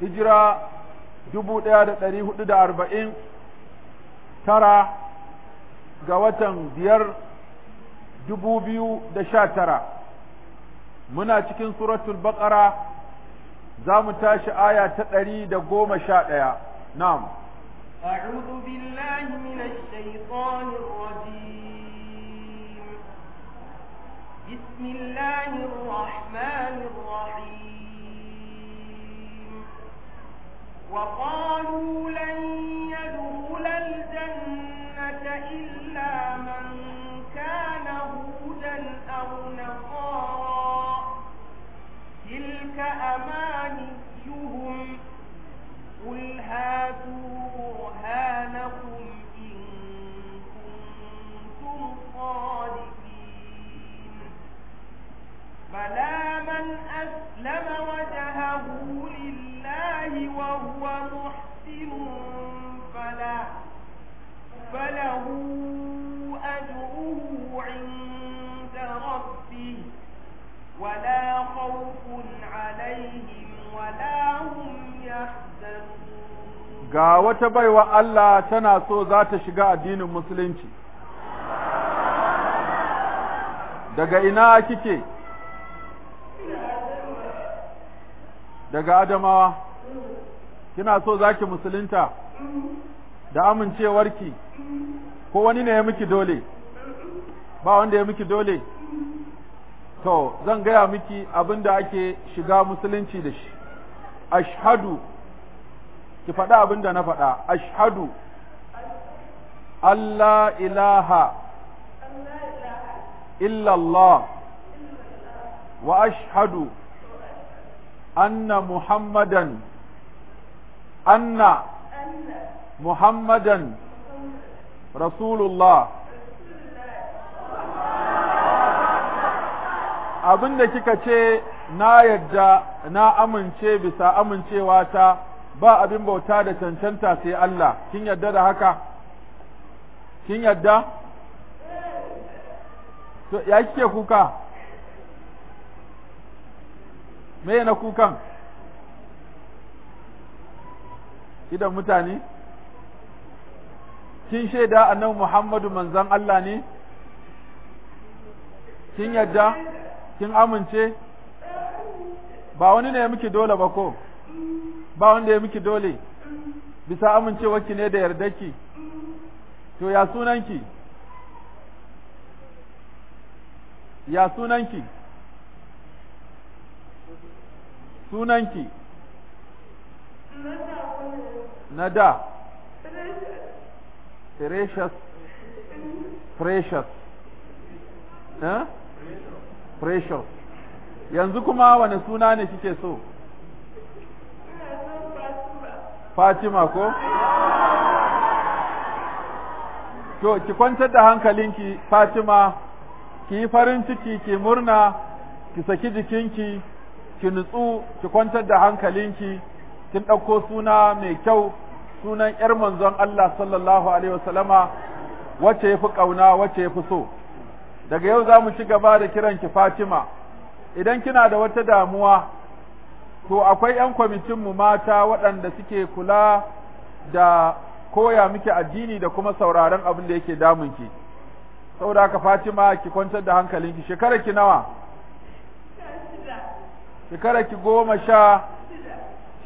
hijira dubu ɗaya da ɗari hudu da arba'in tara ga watan biyar dubu biyu da sha tara muna cikin suratul baƙara za mu tashi aya ta ɗari da goma sha ɗaya na'am أعوذ baiwa Allah tana so za ta shiga addinin musulunci daga ina kike daga adamawa kina so zaki musulunta da amincewarki ko wani ne ya miki dole ba wanda ya miki dole to zan gaya miki abin da ake shiga musulunci da shi ashhadu ki faɗa abin da na faɗa ashhadu Allah ilaha illallah wa ashhadu anna muhammadan anna muhammadan rasulullah abin da kika ce na yadda na amince bisa amincewa ta ba abin bauta da cancanta sai Allah kin yadda da haka kin yadda to ya kike kuka me na kukan idan mutane kin shaida annabi Muhammadu manzan Allah ne kin yadda kin amince ba wani ne ya miki dole ba ko ba wanda ya miki dole bisa amincewarki ne da yardarki to ya sunanki ya sunanki sunanki na da precious precious eh? precious yanzu kuma wani suna ne kike so Fatima ko? To, ki kwantar da hankalinki Fatima, ki yi farin ciki, ki murna, ki saki jikinki, ki nutsu, ki kwantar da hankalinki, kin ɗauko suna mai kyau, sunan ‘yar manzon Allah sallallahu Alaihi wasallama wacce ya fi ƙauna, wacce ya fi so. Daga yau za mu ci gaba da kiranki Fatima, idan kina da wata damuwa, to akwai ‘yan kwamitinmu mata waɗanda suke kula da koya miki addini da kuma sauraron abin da yake damun ki? Saboda haka Fatima ki kwantar da hankalinki, shekara ki nawa? Shekara ki goma sha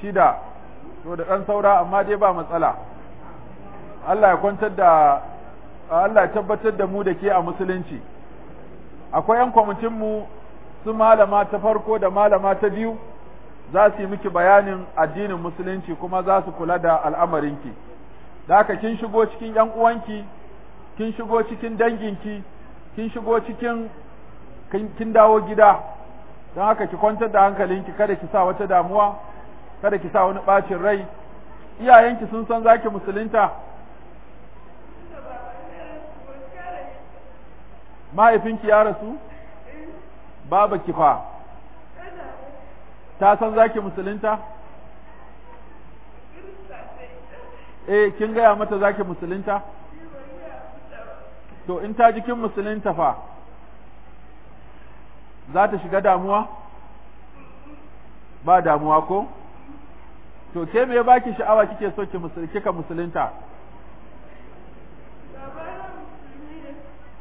shida, to da ɗan saura amma dai ba matsala. Allah ya kwantar da, Allah ya tabbatar da mu da ke a musulunci. Akwai ‘yan kwamitinmu su malama ta farko da malama ta biyu. za su yi miki bayanin addinin musulunci kuma za su kula da al'amarinki da haka kin shigo cikin ‘yan uwanki kin shigo cikin danginki kin shigo cikin kin dawo gida don haka ki kwantar da hankalinki kada ki sa wata damuwa kada ki sa wani bacin rai iyayenki sun san zaki musulunta mahaifinki ya rasu babu kifa ta san zaki musulunta eh kin gaya mata zaki musulunta to in ta jikin musulunta fa za ta shiga damuwa ba damuwa ko to ke me baki sha'awa kike so ki kika musulunta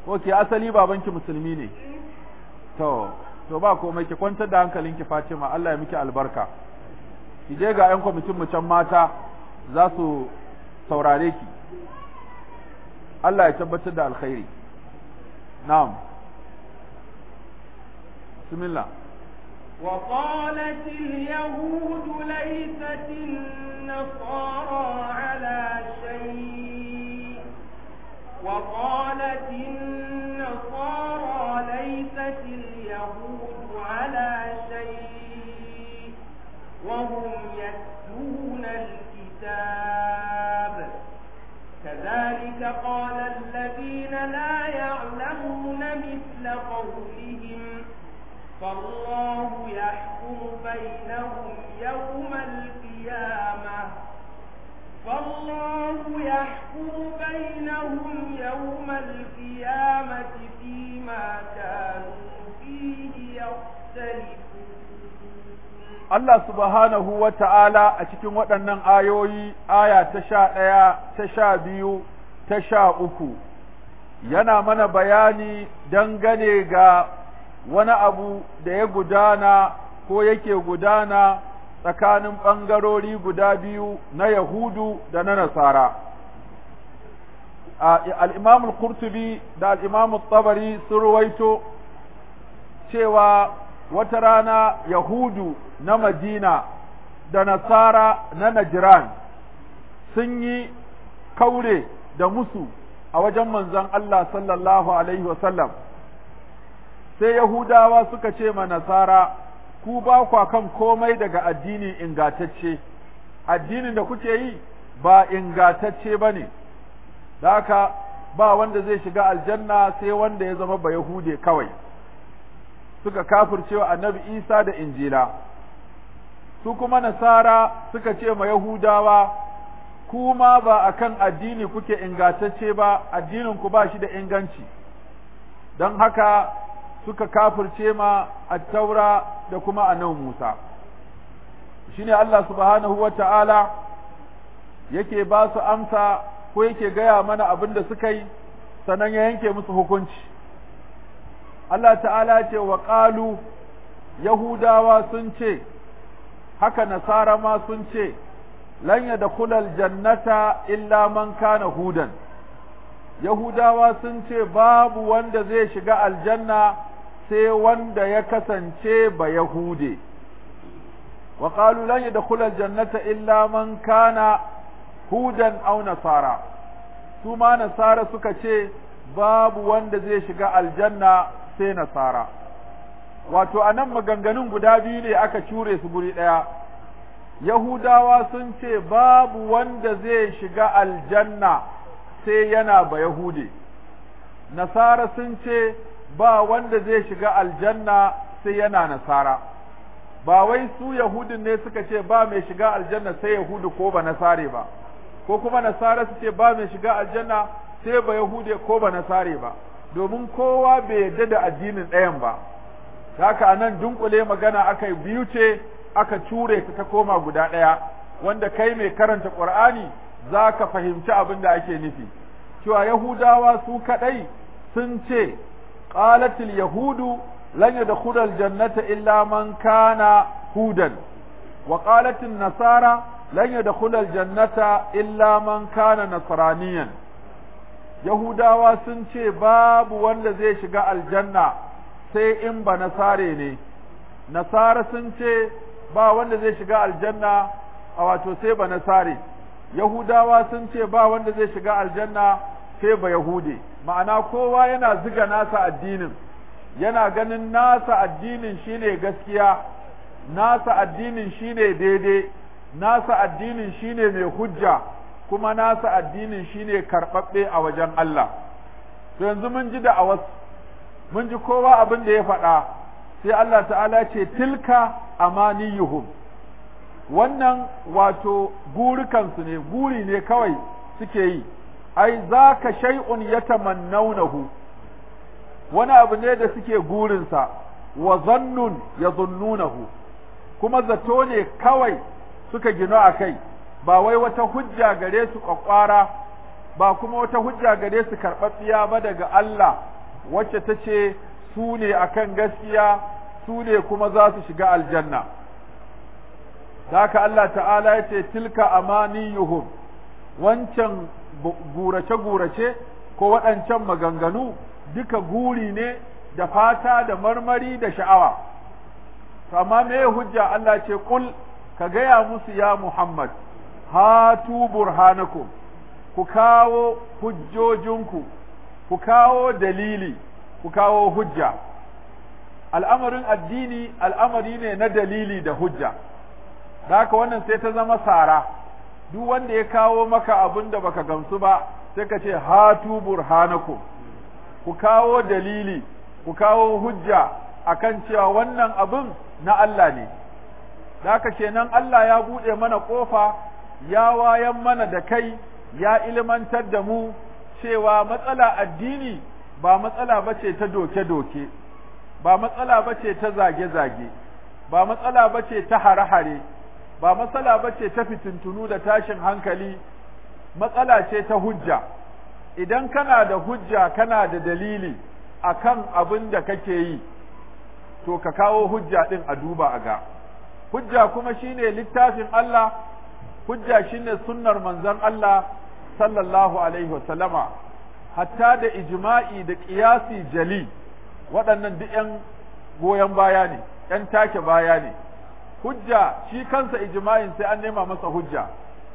ko ke asali babanki musulmi ne to to ba komai ki kwantar da hankalinki Fatima Allah ya miki albarka ki je ga ƴan kwamitin mu can mata za su saurare ki Allah ya tabbatar da alkhairi na'am bismillah وقالت اليهود ليست النصارى على شيء وقالت كذلك قال الذين لا يعلمون مثل قولهم فالله يحكم بينهم يوم القيامة فالله يحكم بينهم يوم القيامة فيما كانوا فيه يختلفون Allah subhanahu wa ta'ala a cikin waɗannan ayoyi, aya ta sha ɗaya, ta sha biyu, ta sha uku yana mana bayani dangane ga wani abu da ya gudana ko yake gudana tsakanin ɓangarori guda biyu na Yahudu da na Nasara. Al'imam al’urtubi kurtubi da al'imam tsabari sun ruwaito cewa wata rana Yahudu na Madina da Nasara na Najiran sun yi kaure da musu a wajen manzon Allah sallallahu alaihi wasallam sai Yahudawa suka ce ma Nasara ku ba kwa kan komai daga addini ingatacce addinin da kuke yi ba ingatacce bane da haka ba wanda zai shiga aljanna sai wanda ya zama ba Yahude kawai suka kafircewa Annabi Isa da Injila su kuma Nasara suka ce ma Yahudawa ku ma ba akan addini kuke ingantacce ba addinin ku ba shi da inganci don haka suka kafirce ma at-taura da kuma a nan Musa shine Allah subhanahu wata'ala yake ba su amsa ko yake gaya mana abin da suka yi sannan ya yanke musu hukunci Allah ta'ala ce wa qalu yahudawa sun ce haka nasara ma sun ce lan yadkhula jannata illa man kana hudan yahudawa sun ce babu wanda zai shiga aljanna sai wanda ya kasance ba yahude wa qalu lan yadkhula jannata illa man kana hudan aw nasara su ma nasara suka ce babu wanda zai shiga aljanna sai nasara wato anan maganganun guda biyu ne aka cure su guri ɗaya. yahudawa sun ce babu wanda zai shiga aljanna sai yana ba yahude nasara sun ce ba wanda zai shiga aljanna sai yana nasara ba wai su yahudin ne suka ce ba mai shiga aljanna sai yahudu ko ba nasare ba ko kuma nasara su ce ba mai shiga aljanna sai ba yahude ko ba nasare ba domin kowa bai yarda da addinin ɗayan ba haka anan dunkule magana aka biyu ce aka cure ta ta koma guda ɗaya wanda kai mai karanta ƙur'ani zaka fahimci abin da ake nufi cewa yahudawa su kaɗai sun ce qalatil yahudu lan yadkhula jannata illa man kana hudan wa qalatin nasara lan yadkhula jannata illa man kana nasraniyan yahudawa sun ce babu wanda zai shiga aljanna sai in ba nasare ne nasara sun ce ba wanda zai shiga aljanna a wato sai ba nasare yahudawa sun ce ba wanda zai shiga aljanna sai ba yahude ma'ana kowa yana ziga nasa addinin yana ganin nasa addinin shine gaskiya nasa addinin shine daidai nasa addinin shine mai hujja kuma nasa addinin shine karɓaɓɓe a wajen Allah to yanzu mun ji da awas mun ji kowa abin da ya faɗa sai Allah ta'ala ce tilka amaniyuhum wannan wato gurukansu ne guri ne kawai suke yi ai zaka shay'un yatamannawnahu wani abu ne da suke gurinsa wa zannun yazunnunahu kuma zato ne kawai suka gina a kai ba wai wata hujja gare su kwakwara ba kuma wata hujja gare su karɓaɓɓiya ba daga Allah wacce ta ce su ne a kan gaskiya su ne kuma za su shiga aljanna haka Allah ta'ala ya ce tilka amaniyuhum wancan gurace-gurace ko waɗancan maganganu duka guri ne da fata da marmari da sha'awa amma me hujja Allah ce kul ka gaya musu ya Muhammad hatu burhanakum ku kawo hujjojinku ku kawo dalili ku kawo hujja al'amarin addini al'amari ne na dalili da hujja da haka wannan sai ta zama sara duk wanda ya kawo maka abin da baka gamsu ba sai ka ce hatu burhanaku. ku kawo dalili ku kawo hujja akan cewa wannan abin na Allah ne da haka kenan Allah ya bude mana kofa ya wayan mana da kai ya ilmantar da mu cewa matsala addini ba matsala ba ce ta doke-doke ba matsala ba ce ta zage-zage ba matsala ba ce ta hare-hare ba matsala ba ce ta fitintunu da tashin hankali matsala ce ta hujja idan kana da hujja kana da dalili kan abin da kake yi to ka kawo hujja din a duba a ga hujja kuma shine littafin Allah hujja shine sunnar manzon Allah sallallahu alaihi wasallama hatta da ijma'i da qiyasi jali waɗannan duk yan goyon baya ne yan take baya ne hujja shi kansa ijma'in sai an nema masa hujja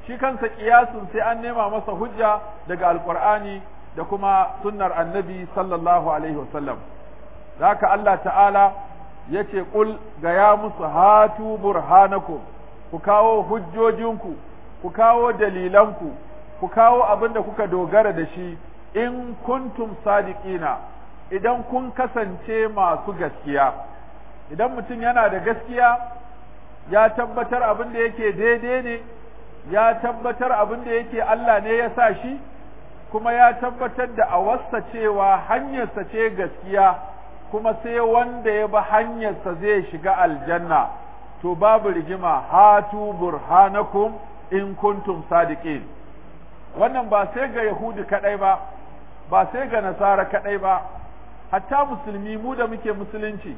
shi kansa qiyasin sai an nema masa hujja daga alqur'ani da kuma sunnar annabi sallallahu alaihi wasallam ka Allah ta'ala yace ƙul ga ya musu hatu burhanakum ku kawo hujjojinku ku kawo dalilanku ku kawo abin da kuka dogara da shi in kuntum sadiqina idan kun kasance masu gaskiya idan mutum yana da gaskiya ya tabbatar abin da yake daidai ne ya tabbatar abin da yake Allah ne ya sa shi kuma ya tabbatar da a awasta cewa hanyarsa ce gaskiya kuma sai wanda ya bi hanyarsa zai shiga aljanna to babu rigima hatu burhanakum in kuntum sadiqin wannan ba sai ga yahudi kadai ba ba sai ga nasara kaɗai ba hatta musulmi mu da muke musulunci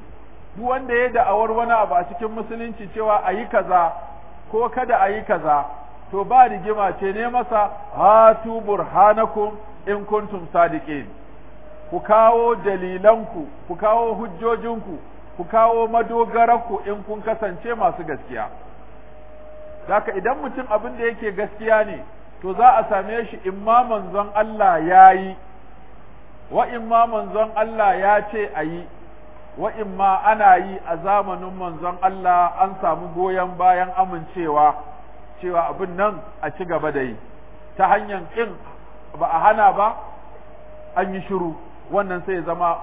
duk wanda ya da'awar wani abu a cikin musulunci cewa a yi kaza ko kada a yi kaza to ba rigima ce ne masa hatu burhanakum in kuntum sadiqin ku kawo dalilanku ku kawo hujjojinku ku kawo madogararku in kun kasance masu gaskiya Daka idan mutum abin da yake gaskiya ne to za a same shi imma manzon Allah yayi wa imma manzon Allah ya ce a yi wa imma ana yi a zamanin manzon Allah an samu goyon bayan amincewa cewa abin nan a ci gaba da yi ta hanyar ƙin ba a hana ba an yi shiru wannan sai zama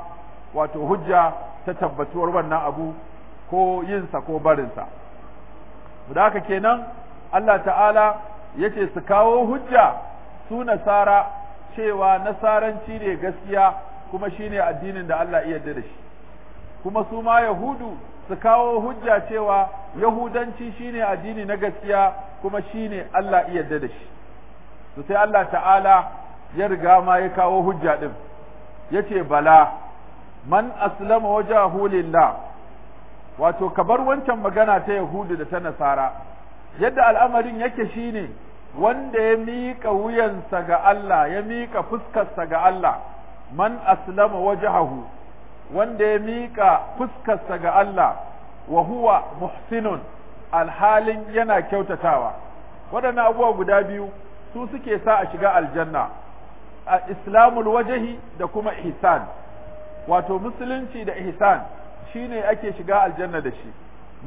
wato hujja ta tabbatuwar wannan abu ko yinsa ko barinsa da haka kenan Allah ta'ala ya ce su kawo hujja su nasara cewa nasaranci ne gaskiya kuma shine addinin da Allah iya yarda da shi kuma su ma yahudu su kawo hujja cewa yahudanci shine addini na gaskiya kuma shine Allah iya yarda da shi to sai Allah ta'ala ya riga ma ya kawo hujja din yace bala man aslama wajahu lillah wato kabar wancan magana ta yahudu da ta nasara yadda al'amarin yake shine wanda ya miƙa wuyansa ga Allah ya miƙa fuskarsa ga Allah man aslama wajhahu wanda ya miƙa fuskarsa ga Allah wa huwa muhsinun alhalin yana kyautatawa waɗannan abubuwa guda biyu su suke sa a shiga aljanna a islamul wajahi da kuma ihsan wato musulunci da ihsan shine ake shiga aljanna da shi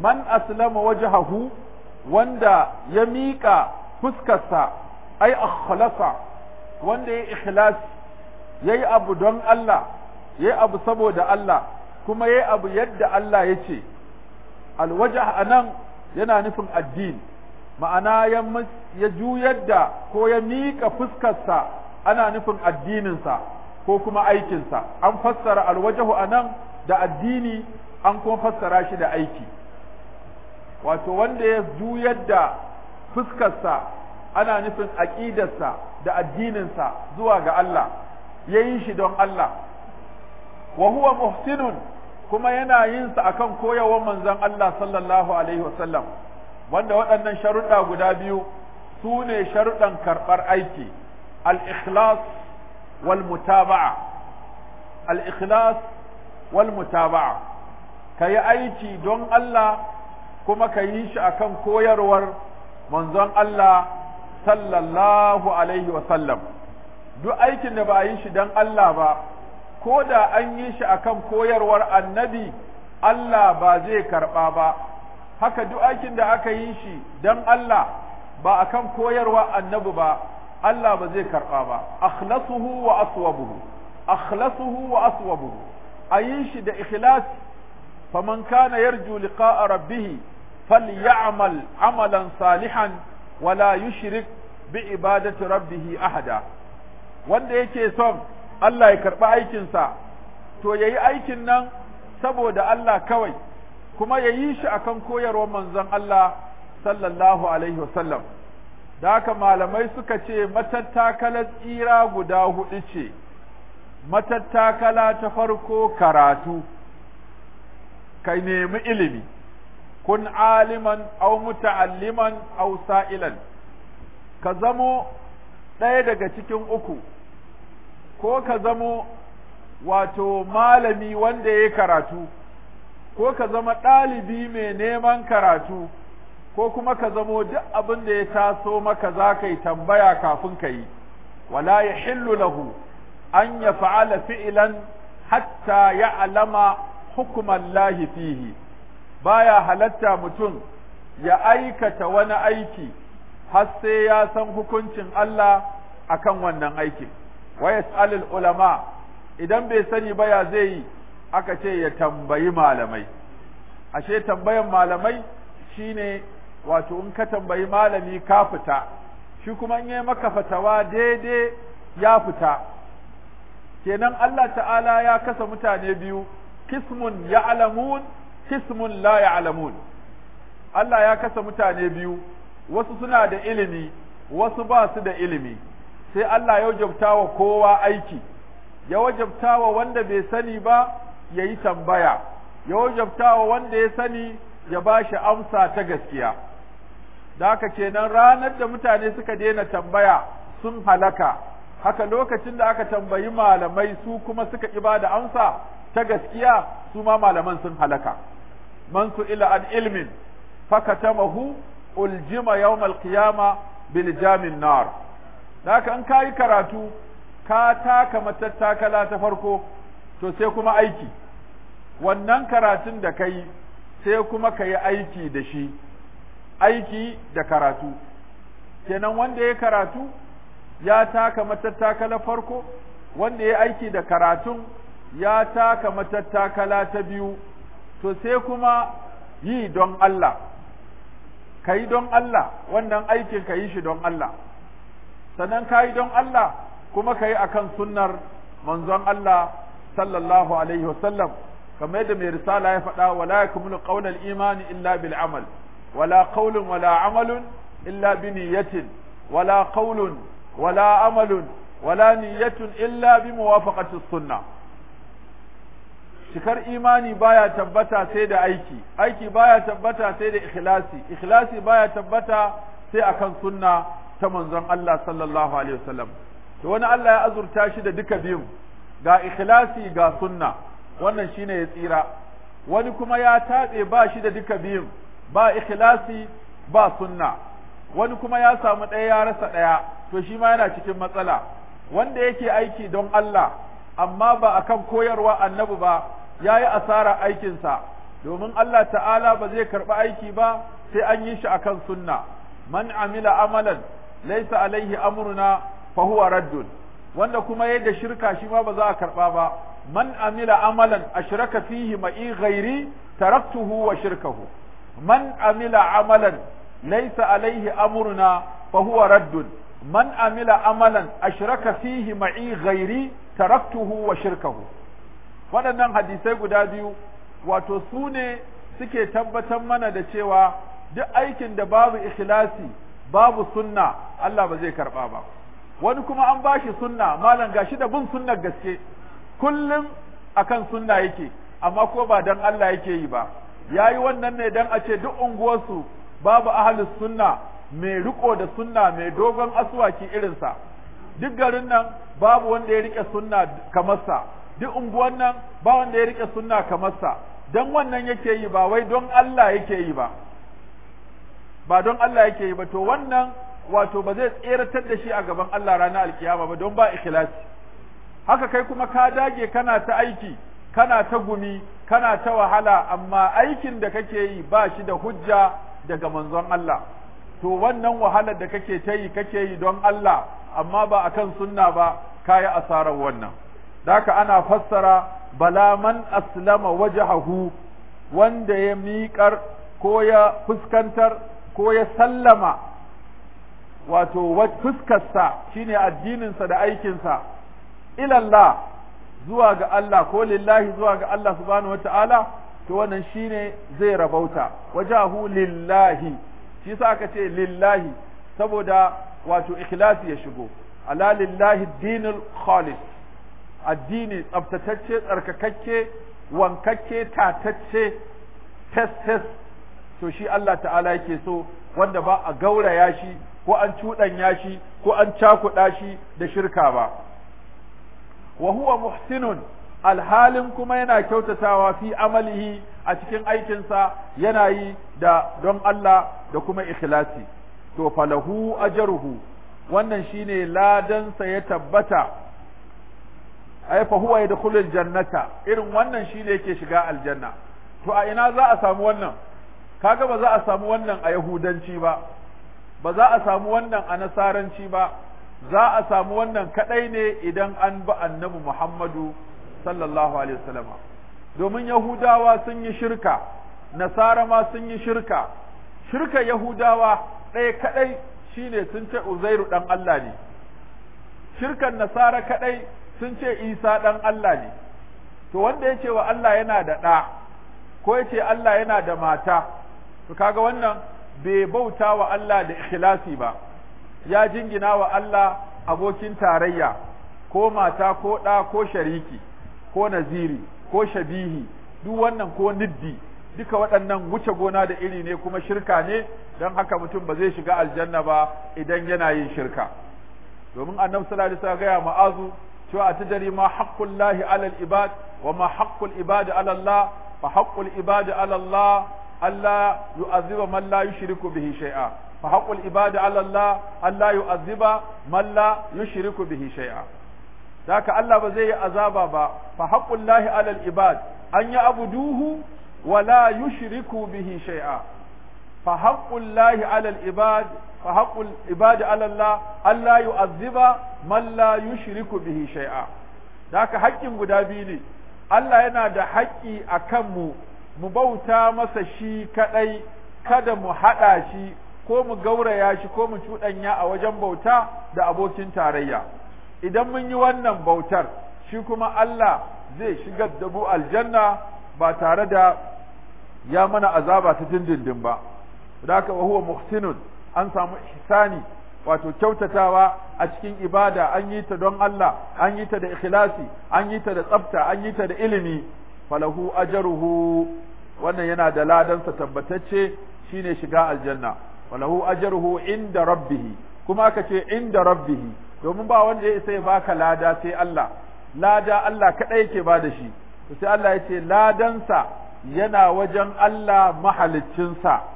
man aslama hahu wanda ya miƙa fuskarsa ai akhlasa wanda ya ikhlasi yayi abu don Allah yayi abu saboda Allah kuma yayi abu yadda Allah yace ce alwajah anan yana nufin addini ma'ana ya juyar da ko ya mika fuskarsa ana nufin addinin sa ko kuma aikinsa an fassara alwajahu anan da addini an kuma fassara shi da aiki wato wanda ya juyar da fuskarsa ana nufin aƙidarsa da addininsa zuwa ga Allah ya yi shi don Allah wa huwa muhsinun kuma yana yin sa akan koyawar manzon Allah sallallahu alaihi wasallam wanda waɗannan sharuɗa guda biyu su ne sharuɗan karɓar aiki al-ikhlas wal mutaba'a al-ikhlas wal mutaba'a kayi aiki don Allah kuma ka yi shi akan koyarwar manzon Allah sallallahu alaihi wasallam duk aikin da ba a yi shi don Allah ba ko da an yi shi akan koyarwar annabi Allah ba zai karɓa ba haka duk aikin da aka yi shi don Allah ba akan koyarwa annabi ba Allah ba zai karɓa ba akhlasuhu wa aswabuhu akhlasuhu wa aswabuhu a yi shi da ikhlas faman kana yarju liqa'a rabbih falyamal amalan salihan wala yushrik bi ibadati rabbih ahada wanda yake son Allah ya karɓi aikinsa, sa to yayi aikin nan saboda Allah kawai kuma yayi shi akan koyarwar manzon Allah sallallahu alaihi wasallam da haka malamai suka ce matattakala tsira guda hudu ce matattakala ta farko karatu ka nemi ilimi kun aliman au muta'alliman au sa'ilan ka zamo ɗaya daga cikin uku ko ka zamo wato malami wanda ya karatu ko ka zama ɗalibi mai neman karatu ko kuma ka zamo duk abin da ya taso maka za ka yi tambaya kafin ka yi wala ya hillu lahu an ya fa'ala fi'ilan hatta ya alama hukuman lahi fihi baya halatta mutum ya aikata wani aiki har sai ya san hukuncin Allah akan wannan aikin wa yas'alul ulama idan bai sani ba ya zai yi aka ce ya tambayi malamai ashe tambayan malamai shine wato in ka tambayi malami ka fita shi kuma in yi maka fatawa daidai ya fita kenan Allah ta'ala ya kasa mutane biyu kismun ya ya'lamun qismun la ya'lamun Allah ya kasa mutane biyu wasu suna da ilimi wasu ba su da ilimi sai Allah ya wajabta wa kowa aiki ya wajabta wa wanda bai sani ba ya yi tambaya ya wajabta wa wanda ya sani ya ba shi amsa ta gaskiya da haka kenan ranar da mutane suka daina tambaya sun halaka haka lokacin da aka tambayi malamai su kuma suka ƙi ba da amsa ta gaskiya su ma malaman sun halaka man su'ila an ilmin fakatamahu uljima yawmal qiyama bil jamin nar haka in karatu ka taka matattakala ta farko to sai kuma aiki wannan karatun da kai sai kuma ka yi aiki da shi aiki da karatu kenan wanda ya karatu ya taka matattakala farko wanda ya aiki da karatun ya taka matattakala ta biyu to sai kuma yi don Allah ka yi don Allah wannan aikin ka yi shi don Allah sannan ka yi don Allah kuma ka yi akan sunnar manzon Allah sallallahu alaihi wasallam kamar yadda mai risala ya faɗa wala yakmulu qaulal imani illa bil amal wala wala amalun illa bi niyyatin wala qaulun wala amalun wala niyyatun illa bi muwafaqati sunnah cikar imani baya tabbata sai da aiki aiki baya tabbata sai da ikhlasi ikhlasi baya tabbata sai akan sunna ta manzon Allah sallallahu alaihi wasallam to wani Allah ya azurta shi da duka biyun ga ikhlasi ga sunna wannan shine ya tsira wani kuma ya tabe ba shi da duka biyun ba ikhlasi ba sunna wani kuma ya samu ɗaya ya rasa ɗaya to shi ma yana cikin matsala wanda yake aiki don Allah amma ba akan koyarwa annabi ba ya yi asara aikinsa domin Allah ta'ala ba zai karɓi aiki ba sai an yi shi a kan sunna man amila amalan laisa alaihi amruna fa huwa raddun wanda kuma yadda shirka shi ma ba za a karɓa ba man amila amalan ashraka fihi ma'i ghairi taraktuhu wa shirkahu man amila amalan laisa alaihi amruna fa huwa raddun man amila amalan ashraka fihi ma'i ghairi taraktuhu wa shirkahu waɗannan hadisai guda biyu wato su ne suke tabbatar mana da cewa duk aikin da babu ikhlasi babu sunna Allah ba zai karɓa ba wani kuma an ba shi sunna malam gashi da bin sunnar gaske kullum akan sunna yake amma ko ba dan Allah yake yi ba yayi wannan ne dan a ce duk unguwarsu babu ahlus sunna mai riko da sunna mai dogon aswaki irinsa duk garin nan babu wanda ya rike sunna kamar sa duk unguwan nan ba wanda ya rike sunna kamar sa dan wannan yake yi ba wai don Allah yake yi ba ba don Allah yake yi ba to wannan wato ba zai tseratar da shi a gaban Allah ranar alkiyama ba don ba ikhlasi haka kai kuma ka dage kana ta aiki kana ta gumi kana ta wahala amma aikin da kake yi ba shi da hujja daga manzon Allah to wannan wahalar da kake ta yi kake yi don Allah amma ba akan sunna ba kayi asarar wannan daka ana fassara bala man aslama wajahahu wanda ya miƙar ko ya fuskantar ko ya sallama wato fuskarsa shine addininsa da aikinsa ilallah zuwa ga Allah ko lillahi zuwa ga Allah subhanahu ta'ala to wannan shine zai rabauta wajahu lillahi shi yasa aka ce lillahi saboda wato ikhlasi ya shigo ala lillahi dinul khalis addini tsabtatacce tsarkakakke wankakke tatacce test-test to shi Allah ta'ala yake so wanda ba a gauraya shi ko an cuɗanya shi ko an cakuɗa shi da shirka ba wa huwa muhsinun alhalin kuma yana kyautatawa fi amalihi a cikin aikinsa yana yi da don Allah da kuma ikhlasi to falahu ajruhu wannan shine ladansa ya tabbata ai fa huwa yadkhulu aljannata irin wannan shine yake shiga aljanna to a ina za a samu wannan kaga ba za a samu wannan a yahudanci ba ba za a samu wannan a nasaranci ba za a samu wannan kadai ne idan an bi annabi Muhammadu sallallahu alaihi wasallam domin yahudawa sun yi shirka nasara ma sun yi shirka shirka yahudawa ɗaya kadai shine sun ce uzairu dan Allah ne shirkan nasara kadai sun ce isa ɗan Allah ne to wanda ya ce wa Allah yana da ɗa ko ya ce Allah yana da mata to kaga wannan bai bauta wa Allah da ikhlasi ba ya jingina wa Allah abokin tarayya ko mata ko ɗa ko shariki ko naziri ko shabihi duk wannan ko niddi duka waɗannan wuce gona da iri ne kuma shirka ne don haka mutum ba zai shiga aljanna ba idan yana yin shirka domin annabi sallallahu alaihi wasallam ga ma'azu شو أتدري ما حق الله على العباد وما حق العباد على الله فحق العباد على الله ألا يؤذب من لا يشرك به شيئا فحق العباد على الله ألا يؤذب من لا يشرك به شيئا ذاك الله بزي أذابا با فحق الله على العباد أن يعبدوه ولا يشركوا به شيئا fa الله lahi alal فحق العباد على الله ala Allah من لا يشرك به شيئا ذاك حق غدابيلي guda biyu ne Allah yana da haƙƙi akan mu mu bauta masa shi kaɗai, kada mu haɗa shi ko mu gauraya shi ko mu cuɗanya a wajen bauta da abokin tarayya idan mun yi wannan bautar shi kuma Allah zai shigar dabu aljanna ba tare da ya mana azaba ta dindindin ba da haka huwa muhsinun an samu ihsani wato kyautatawa a cikin ibada an yi ta don Allah an yi ta da ikhlasi an yi ta da tsafta an yi ta da ilimi falahu ajruhu wannan yana da ladansa tabbatacce shine shiga aljanna falahu ajruhu inda rabbihi kuma aka ce inda rabbihi domin ba wanda ya sai baka lada sai Allah lada Allah kadai yake ba da shi sai Allah ya ce ladansa yana wajen Allah mahaliccinsa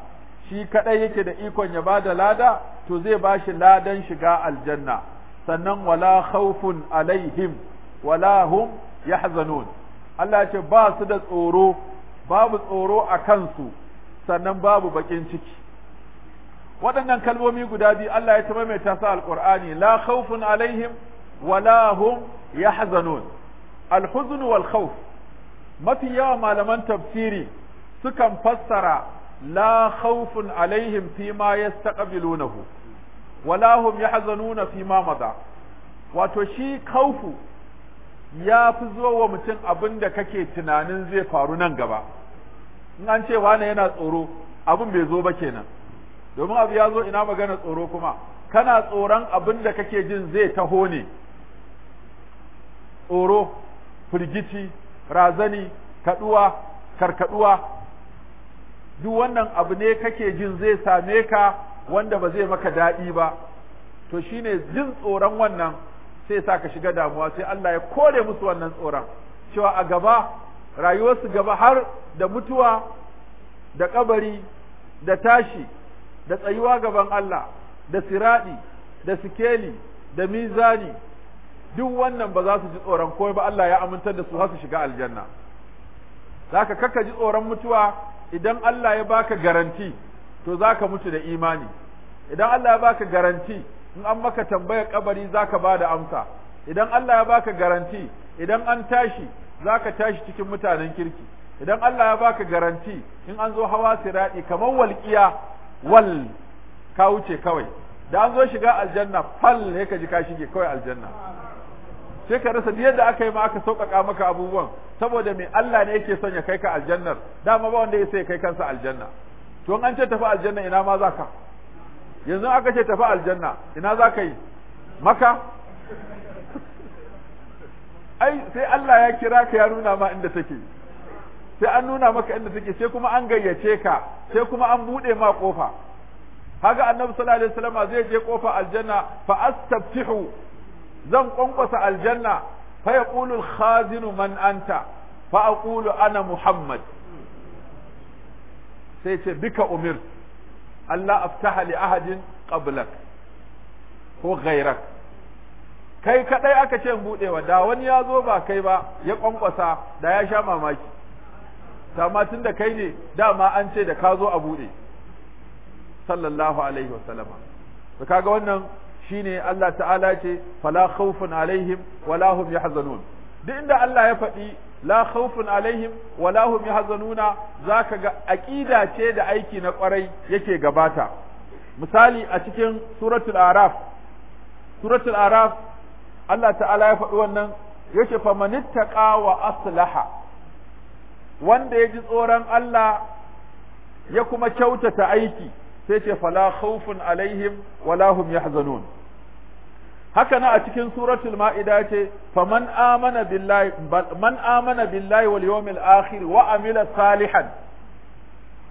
shi kadai yake da ikon ya bada lada to zai ba shi ladan shiga aljanna sannan wala khawfun alaihim wala hum yahzanun Allah ce ba su da tsoro babu tsoro a kansu sannan babu bakin ciki waɗannan kalmomi guda biyu Allah ya mai tasa alqur'ani la khawfun alaihim wala hum yahzanun alhuzn wal mafi yawa malaman tafsiri sukan fassara la khawfun alaihim fi ma yastaqbilunahu wala hum yahzanuna fi ma mada wato shi kaufu ya fi zuwa wa mutum abin da kake tunanin zai faru nan gaba in an ce wane yana tsoro abin bai zo ba kenan domin abu ya zo ina magana tsoro kuma kana tsoron abin da kake jin zai taho ne tsoro firgici razani kaduwa karkaduwa duk wannan abu ne kake jin zai same ka wanda ba zai maka daɗi ba to shine jin tsoron wannan sai sa ka shiga damuwa sai Allah ya kore musu wannan tsoron cewa a gaba rayuwarsu gaba har da mutuwa da kabari da tashi da tsayuwa gaban Allah da siradi da sikeli da mizani duk wannan ba za su ji tsoron komai ba Allah ya amintar da su har su shiga aljanna zaka kaka ji tsoron mutuwa idan Allah ya baka garanti to zaka mutu da imani idan Allah ya baka garanti in an maka tambaya kabari zaka bada amsa idan Allah ya baka garanti idan an tashi zaka tashi cikin mutanen kirki idan Allah ya baka garanti in an zo hawa siradi kamar walqiya wal ka wuce kawai da an zo shiga aljanna fal ne ka ji ka shige kawai aljanna sai ka rasa yadda aka yi ma aka sauƙaƙa maka abubuwan saboda me Allah ne yake son ya kai ka aljannar dama ba wanda sai kai kansa aljanna to an ce tafi aljanna ina ma za ka yanzu aka ce tafi aljanna ina za ka yi maka ai sai Allah ya kira ka ya nuna ma inda take sai an nuna maka inda take sai kuma an gayyace ka sai kuma an bude ma kofa haka annabi sallallahu alaihi wasallam zai je kofa aljanna fa astaftihu zan kwankwasa aljanna fa yaqulu al-khazinu man anta fa aqulu ana muhammad sai ce bika umir Allah aftaha li ahadin qablak ko ghairak kai kadai aka ce budewa da wani ya zo ba kai ba ya kwankwasa da ya sha mamaki amma tun da kai ne dama an ce da ka zo a bude sallallahu alaihi wasallama ka kaga wannan shine Allah ta'ala ce fala khawfun alaihim wala hum yahzanun duk inda Allah ya faɗi la khawfun alaihim wala hum yahzanuna zaka ga aqida ce da aiki na kwarai yake gabata misali a cikin suratul araf suratul araf Allah ta'ala ya faɗi wannan yace famanittaqa wa aslaha wanda ya ji tsoron Allah ya kuma kyautata aiki sai ce fala khawfun alaihim wala hum yahzanun haka na a cikin suratul ma'ida ce faman amana billahi man amana billahi wal yawmil akhir wa amila salihan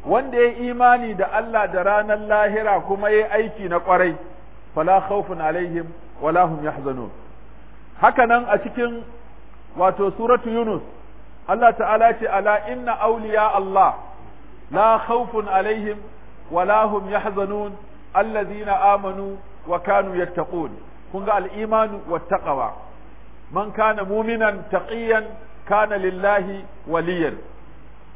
wanda ya imani da Allah da ranar lahira kuma ya aiki na kwarai fala khawfun alaihim wala hum yahzanun haka nan a cikin wato suratu yunus Allah ta'ala ce ala inna awliya Allah la khawfun alaihim wala hum yahzanun alladhina amanu wa kanu yattaqun kun ga al'imanu wa taqwa man kana muminan taqiyan kana lillahi waliyan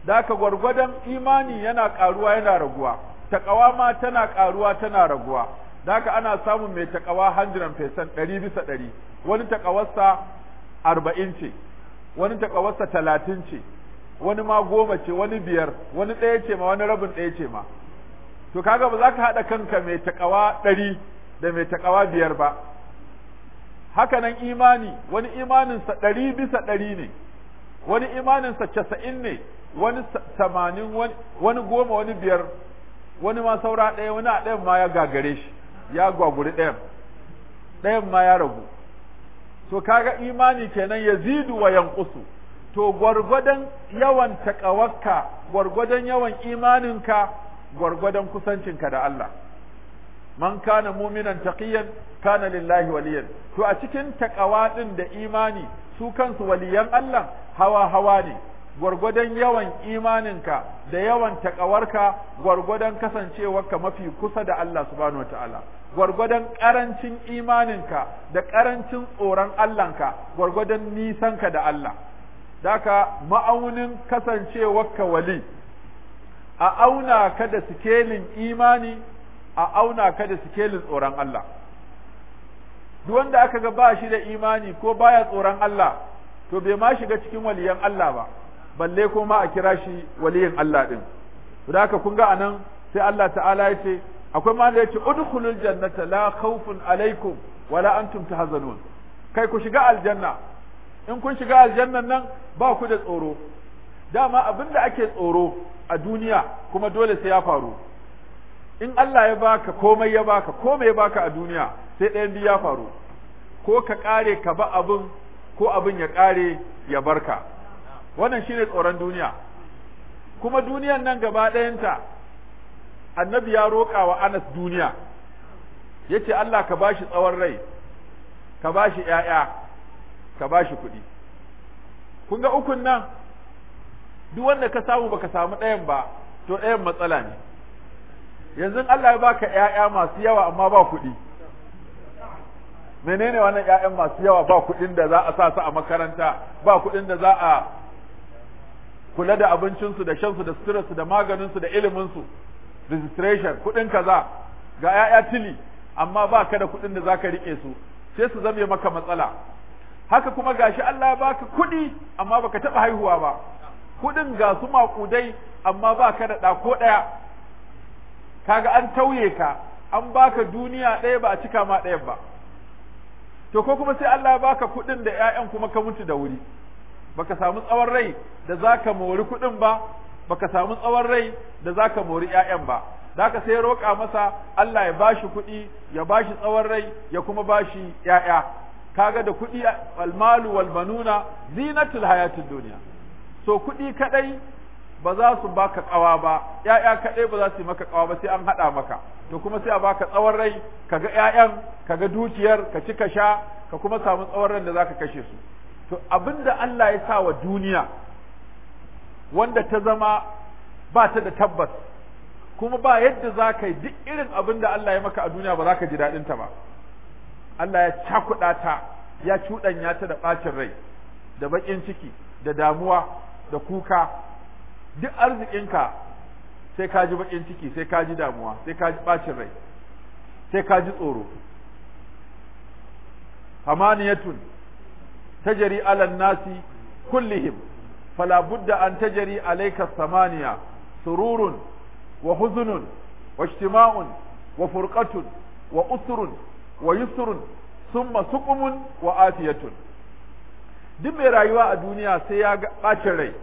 Da ka gwargwadon imani yana ƙaruwa yana raguwa Taƙawa ma tana ƙaruwa, tana raguwa Da ka ana samun mai taqwa 100% ɗari bisa ɗari. wani taqawarsa 40 ce wani taqawarsa 30 ce wani ma goma ce wani biyar wani ɗaya ce ma wani rabin ɗaya ce ma to kaga ba za ka haɗa kanka mai taƙawa ɗari da mai taƙawa biyar ba Haka nan imani wani imaninsa ɗari bisa ɗari ne wani imaninsa casa'in ne wani tamanin wani goma wani biyar wani ma saura ɗaya wani a ɗayan ma ya gagare shi ya gwaguri ɗayan ɗayan ma ya ragu to kaga imani kenan yazidu wa yanqusu to gwargwadon yawan taƙawarka gwargwadon yawan imaninka gwargwadon kusancinka da Allah man kana mu'minan taqiyan kana lillahi waliyan to a cikin takawa din da imani su kansu waliyan Allah hawa hawa ne gwargwadon yawan imaninka da yawan takawarka gwargwadon kasancewarka mafi kusa da Allah subhanahu wataala gwargwadon karancin imaninka da karancin tsoron Allahnka gwargwadon nisanka da Allah daka ma'aunin kasancewarka wali a auna ka da sikelin imani a auna ka da sikelin tsoron Allah duk wanda aka ga ba shi da imani ko baya tsoron Allah to bai ma shiga cikin waliyan Allah ba balle ko ma a kira shi waliyan Allah din to da haka kun ga anan sai Allah ta'ala ya ce akwai ma da ya ce udkhulul jannata la khawfun alaikum wala antum tahzanun kai ku shiga aljanna in kun shiga aljannan nan ba ku da tsoro dama abinda ake tsoro a duniya kuma dole sai ya faru in Allah ya baka komai ya baka komai ya baka a duniya sai ɗayan biyu ya faru ko ka ƙare ka ba abin ko abin ya ƙare ya barka wannan shine tsoron duniya kuma duniyan nan gaba ɗayanta annabi ya roƙa wa Anas duniya yace Allah ka bashi tsawon rai ka bashi ya'ya ka bashi kuɗi kun ga ukun nan duk wanda ka samu baka samu ɗayan ba to ɗayan matsala ne yanzu Allah ya baka ƴaƴa masu yawa amma ba kuɗi menene wannan ƴaƴan masu yawa ba kuɗin da za a sa su a makaranta ba kuɗin da za a kula da abincinsu da shansu da su da maganinsu da iliminsu registration kuɗin kaza ga ƴaƴa tili amma ba ka da kuɗin da zaka rike su sai su zame maka matsala haka kuma gashi Allah ya baka kuɗi amma baka taɓa haihuwa ba kuɗin ga su maƙudai amma ba ka da ɗa ko ɗaya kaga an tauye ka an baka duniya ɗaya ba a cika ma ɗayan ba to ko kuma sai Allah ya baka kuɗin da ƴaƴan kuma ka mutu da wuri baka samu tsawon rai da zaka mori kuɗin ba baka samu tsawon rai da zaka mori ƴaƴan ba zaka sai roƙa masa Allah ya bashi kuɗi ya bashi tsawon rai ya kuma bashi ƴaƴa kaga da kuɗi almalu walbanuna zinatul hayatid dunya so kuɗi kadai ba za su baka kawa ba ƴaƴa kaɗai ba za su yi maka kawa ba sai an haɗa maka to kuma sai a baka tsawon rai ka kaga ƴaƴan ga dukiyar ka ci ka sha ka kuma samu tsawon ran da zaka kashe su to abinda Allah ya sa wa duniya wanda ta zama ba ta da tabbas kuma ba yadda za ka yi duk irin abin da Allah ya maka a duniya ba za ka ji daɗin ta ba Allah ya cakuɗa ta ya cuɗanya ta da ɓacin rai da baƙin ciki da damuwa da kuka duk arzikinka sai ka ji bakin ciki sai ka ji damuwa sai ka ji bacin rai sai ka ji tsoro hamaniyatun tajri ala nasi kullihim fala budda an tajri alayka samaniya sururun wa huzunun wa ijtima'un wa furqatun wa usrun wa yusrun summa suqumun wa afiyatun duk mai rayuwa a duniya sai ya ga bacin rai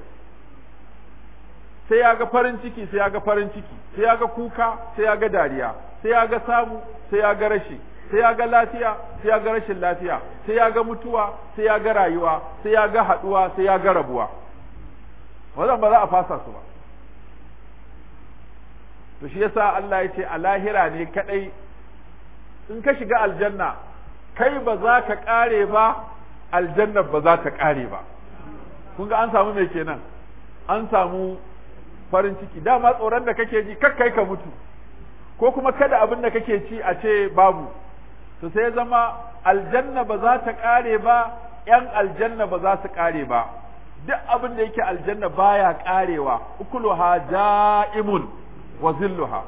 sai ya ga farin ciki sai ya ga farin ciki sai ya ga kuka sai ya ga dariya sai ya ga samu sai ya ga rashi sai ya ga lafiya sai ya ga rashin lafiya sai ya ga mutuwa sai ya ga rayuwa sai ya ga haduwa sai ya ga rabuwa wannan ba za a fasa su ba to shi yasa Allah ya a lahira ne kadai in ka shiga aljanna kai ba za ka kare ba aljanna ba za ta kare ba kun ga an samu me kenan an samu farin ciki dama tsoron da kake ji kakka ka mutu ko kuma kada abin da kake ci a ce babu to sai zama aljanna ba za ta kare ba yan aljanna ba za su kare ba duk abin da yake aljanna baya karewa ukuluha da'imun wa zilluha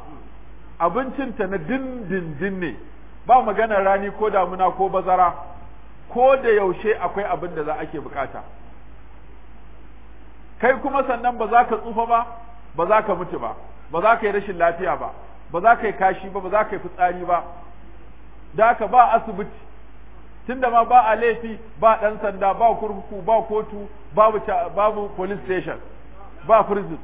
ta na dindindin ne ba magana rani ko damuna ko bazara ko da yaushe akwai abin da za ake bukata kai kuma sannan ba za ka tsufa ba ba za ka mutu ba ba za ka yi rashin lafiya ba ba za ka yi kashi ba ba za ka yi fitsari ba da haka ba asibiti tunda ma ba a laifi ba ɗan sanda ba kurkuku ba kotu babu babu police station ba prison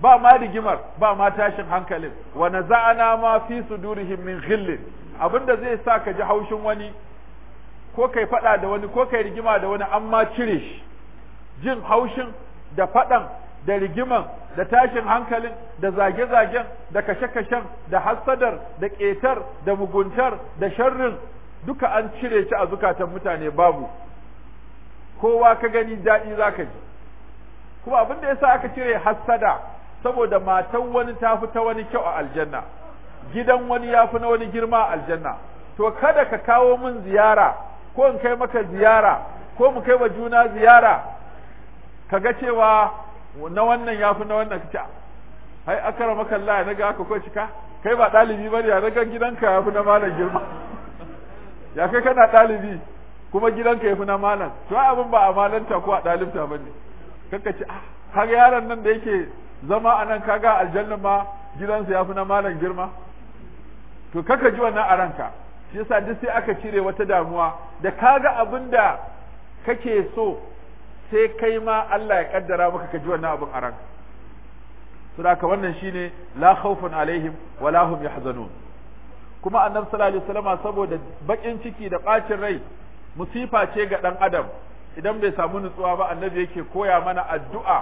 ba ma rigimar ba ma tashin hankalin wa naza'ana ma fi sudurihim min ghillin abinda zai sa ka ji haushin wani ko kai fada da wani ko kai rigima da wani amma cire shi jin haushin da fadan da rigiman da tashin hankalin da zage-zagen da kashe-kashen da hassadar da ƙetar da muguntar da sharrin duka an cire shi a zukatan mutane babu kowa ka gani daɗi za ka ji kuma abin da yasa aka cire hassada saboda matan wani ta fi ta wani kyau a aljanna gidan wani ya fi na wani girma a aljanna to kada ka kawo min ziyara ko in kai maka ziyara ko mu kai wa juna ziyara kaga cewa na wannan ya fi na wannan kace hai akara maka Allah naga ga aka ko cika kai ba dalibi bane ya naga gidanka ya fi na malam girma ya kai kana dalibi kuma gidanka ya fi na malam to abin ba a ko a dalibta bane kanka ce ah kaga yaron nan da yake zama a nan kaga aljanna ma gidansa ya fi na malam girma to kaka ji wannan a ranka shi yasa duk sai aka cire wata damuwa da kaga abin da kake so sai kai ma Allah ya kaddara maka ka ji wannan abin a ranka ka wannan shine la khawfun alaihim la hum yahzanun kuma annabi sallallahu alaihi wasallam saboda bakin ciki da bacin rai musifa ce ga dan adam idan bai samu nutsuwa ba annabi yake koya mana addu'a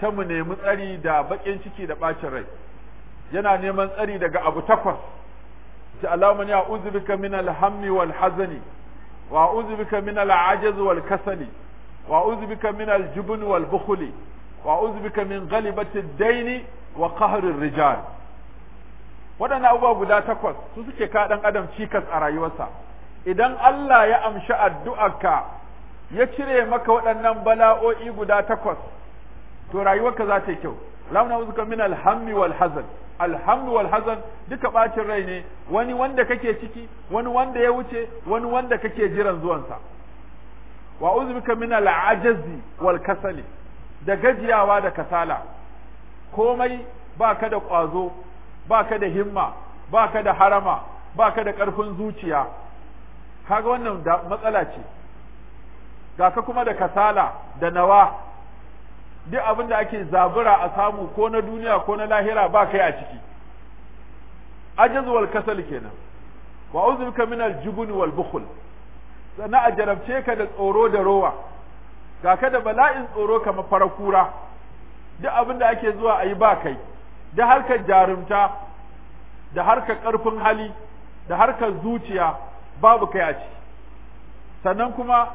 ta mu nemi tsari da bakin ciki da bacin rai yana neman tsari daga abu takwas ta alaman a uzubika min alhammi wal hazani wa uzubika min al'ajaz wal kasali wa uzbika min aljubn wal bukhli wa uzbika min ghalibati ad wa qahri rijal waɗannan abubuwa guda takwas su suke kaɗan adam cikas a rayuwarsa idan Allah ya amshi addu'arka ya cire maka waɗannan bala'o'i guda takwas to rayuwarka za ta yi kyau launa uzka min alhammi wal hazan alhammi wal hazan duka ɓacin rai ne wani wanda kake ciki wani wanda ya wuce wani wanda kake jiran zuwansa wa uzbika min al'ajazi wal kasali da gajiyawa da kasala komai baka da ƙwazo baka da himma baka da harama baka da ƙarfin zuciya kaga wannan matsala ce ga ka kuma da kasala da nawa duk abin da ake zabura a samu ko na duniya ko na lahira ba kai a ciki ajazu wal kasal kenan wa uzbika min al jubun wal bukhl sana a jarabce ka da tsoro da rowa ga ka da bala'in tsoro kamar farakura duk abin da ake zuwa a yi ba kai da harkar jarumta da harkar ƙarfin hali da harkar zuciya babu kai a ci sannan kuma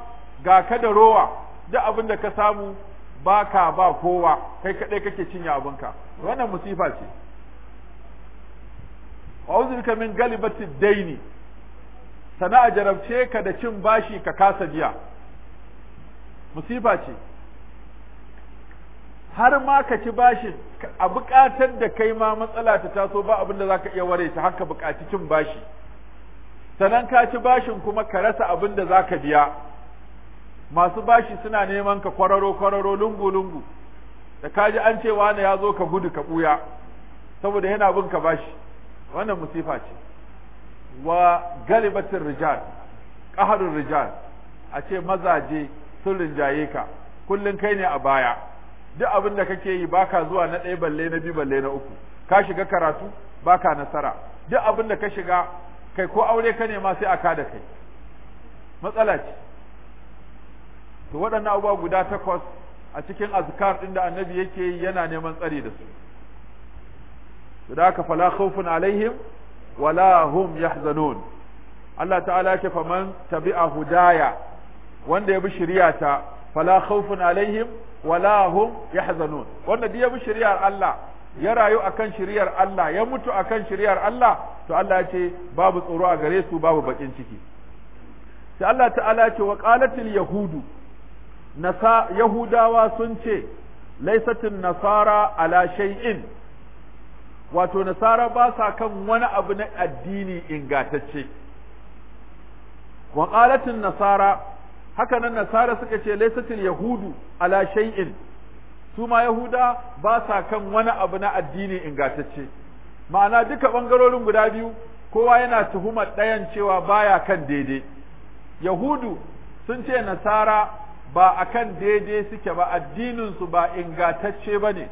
ga ka da rowa duk abin da ka samu ba ka ba kowa kai kaɗai kake cinye abinka wannan musifa ce wa min galibati daini sana jarabce ka da cin bashi ka kasa biya musifa ce har ma ka ci bashi a buƙatar da kai ma matsala ta taso ba abin da za ka iya ware ta haka buƙaci cin bashi sannan ka ci bashin kuma ka rasa abin da za ka biya masu bashi suna neman ka kwararo kwararo lungu lungu da ka ji an ce wani ya zo ka gudu ka ɓuya saboda yana bin ka bashi wannan musifa ce wa galibatin rijal ƙaharin rijal a ce mazaje sun rinjaye ka kullum kai ne a baya duk abin da kake yi baka zuwa na ɗaya balle na biyu balle na uku ka shiga karatu baka nasara duk abin da ka shiga kai ko aure ka ma sai aka da kai matsala ce to waɗannan abubuwa guda takwas a cikin azkar ɗin da annabi yake yana neman tsari da su da haka fala khawfun alaihim wala hum yahzanun Allah ta'ala ce faman tabi'a hudaya wanda ya bi shari'ata fala khawfun alaihim wala hum yahzanun wanda duk ya bi shari'ar Allah ya rayu akan shari'ar Allah ya mutu akan shari'ar Allah to Allah ya ce babu tsoro a gare su babu bakin ciki sai Allah ta'ala ce wa qalatil yahudu nasa yahudawa sun ce laisatin nasara ala shay'in wato nasara ba sa kan wani abu na addini ingatacce wa qalatin nasara haka nan nasara suka ce laysatil yahudu ala shay'in su ma yahuda ba sa kan wani abu na addini ingatacce ma'ana duka bangarorin guda biyu kowa yana tuhumar ɗayan cewa baya kan daidai yahudu sun ce nasara ba akan daidai suke ba addininsu ba ingatacce bane ne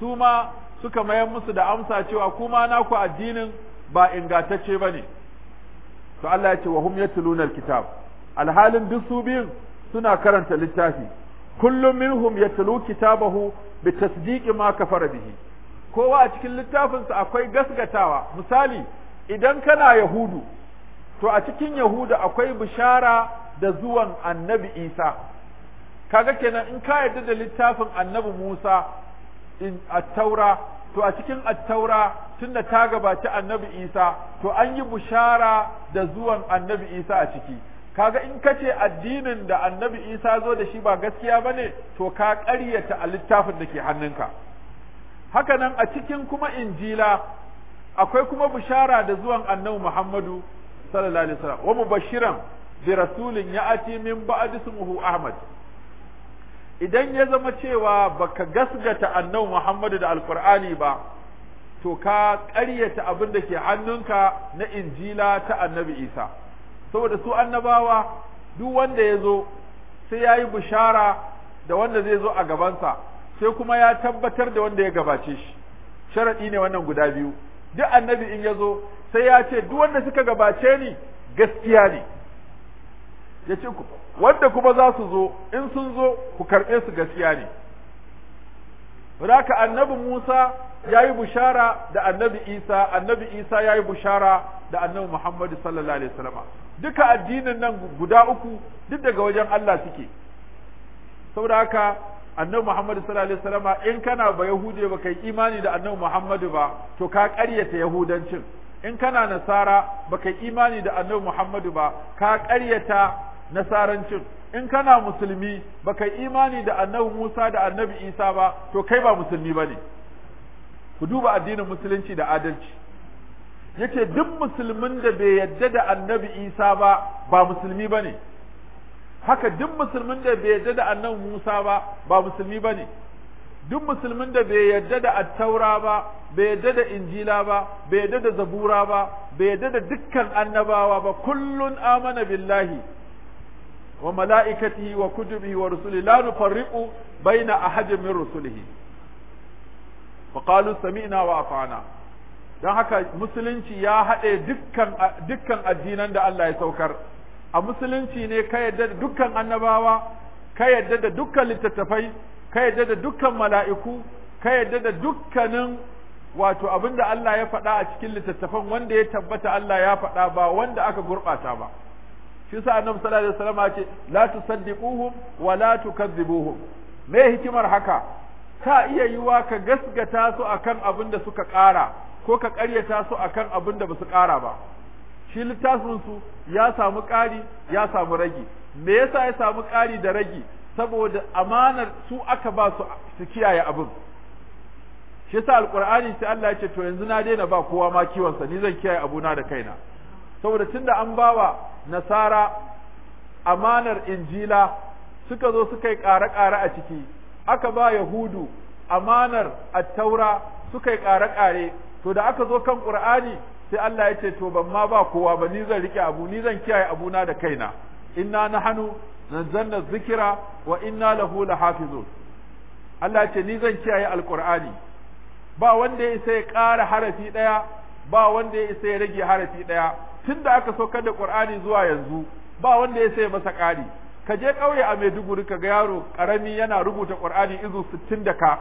su ma suka mayar musu da amsa cewa kuma naku addinin ba ingantacce ba ne to Allah ya ce wa hum yatluna alkitab alhalin duk su biyun suna karanta littafi kullum minhum yatlu kitabahu bi tasdiqi ma kafara bihi kowa a cikin sa akwai gasgatawa misali idan kana yahudu to a cikin yahudu akwai bishara da zuwan annabi isa kaga kenan in ka yadda da littafin annabi musa attaura to a cikin attaura tunda ta gabaci annabi isa to an yi bushara da zuwan annabi isa a ciki kaga in ka ce addinin da annabi isa zo da shi ba gaskiya ba ne to ka ƙaryata a littafin da ke hannunka haka nan a cikin kuma injila akwai kuma bushara da zuwan annabi muhammadu sallallahu alaihi wasallam wa mubashiran bi rasulin ya'ati min ba'd ahmad idan ya zama cewa baka gasgata annabi Muhammadu da alkur'ani ba to ka ƙaryata abin da ke hannunka na injila ta annabi Isa saboda su annabawa duk wanda ya zo sai ya yi bishara da wanda zai zo a gabansa sai kuma ya tabbatar da wanda ya gabace shi sharaɗi ne wannan guda biyu duk annabi in ya zo sai ya ce duk wanda suka gabace ni gaskiya ne ya ce ku wanda kuma za su zo in sun zo ku karɓe su gaskiya ne Raka annabi Musa ya yi bushara da annabi Isa, annabi Isa ya yi bushara da annabi Muhammadu sallallahu Alaihi wasallama. Duka addinin nan guda uku duk daga wajen Allah suke. Saboda haka annabi Muhammadu sallallahu Alaihi wasallama in kana ba Yahudi ba kai imani da annabi Muhammadu ba, to ka ƙaryata Yahudancin. In kana Nasara ba kai imani da annabi Muhammadu ba, ka ƙaryata nasarancin in kana musulmi baka imani da annabi Musa da annabi Isa ba to kai ba musulmi bane ku duba addinin musulunci da adalci yace duk musulmin da bai yadda da annabi Isa ba ba musulmi bane haka duk musulmin da bai yadda da annabi Musa ba ba musulmi bane duk musulmin da bai yadda da attaura ba bai yadda da injila ba bai yadda da zabura ba bai yadda da dukkan annabawa ba kullun amana billahi wa mala'ikatihi wa kutubihi wa rusulihi la nufarriqu baina ahadin min rusulihi fa sami'na wa ata'na dan haka musulunci ya haɗe dukkan dukkan addinan da Allah ya saukar a musulunci ne ka yadda da dukkan annabawa ka yadda da dukkan littattafai ka yadda da dukkan mala'iku ka yadda da dukkanin wato abinda Allah ya faɗa a cikin littattafan wanda ya tabbata Allah ya faɗa ba wanda aka gurɓata ba shi sa annabi sallallahu alaihi wasallam ce la tusaddiquhum wa la tukazzibuhum me hikimar haka ta iya yiwa ka gasgata su akan abin da suka ƙara ko ka ƙaryata su akan abin da basu ƙara ba shi littafin su ya samu ƙari ya samu ragi me yasa ya samu ƙari da ragi saboda amanar su aka ba su su kiyaye abin shi yasa alqur'ani sai Allah ya ce to yanzu na daina ba kowa ma kiwon sa ni zan kiyaye abuna da kaina saboda tunda an bawa nasara amanar injila suka zo suka yi ƙare-ƙare a ciki aka ba yahudu amanar attaura suka yi ƙare-ƙare to da aka zo kan qur'ani sai Allah ya to ban ma ba kowa ba ni zan rike abu ni zan kiyaye abuna da kaina inna nahnu nazzalna zikira wa inna lahu lahafizun Allah ya ce ni zan kiyaye alqur'ani ba wanda ya sai ƙara harafi ɗaya ba wanda ya isa ya rage harafi ɗaya tun da aka saukar da ƙur'ani zuwa yanzu ba wanda ya sayi masa ƙari ka je ƙauye a maiduguri ka ga yaro ƙarami yana rubuta ƙur'ani izu sittin da ka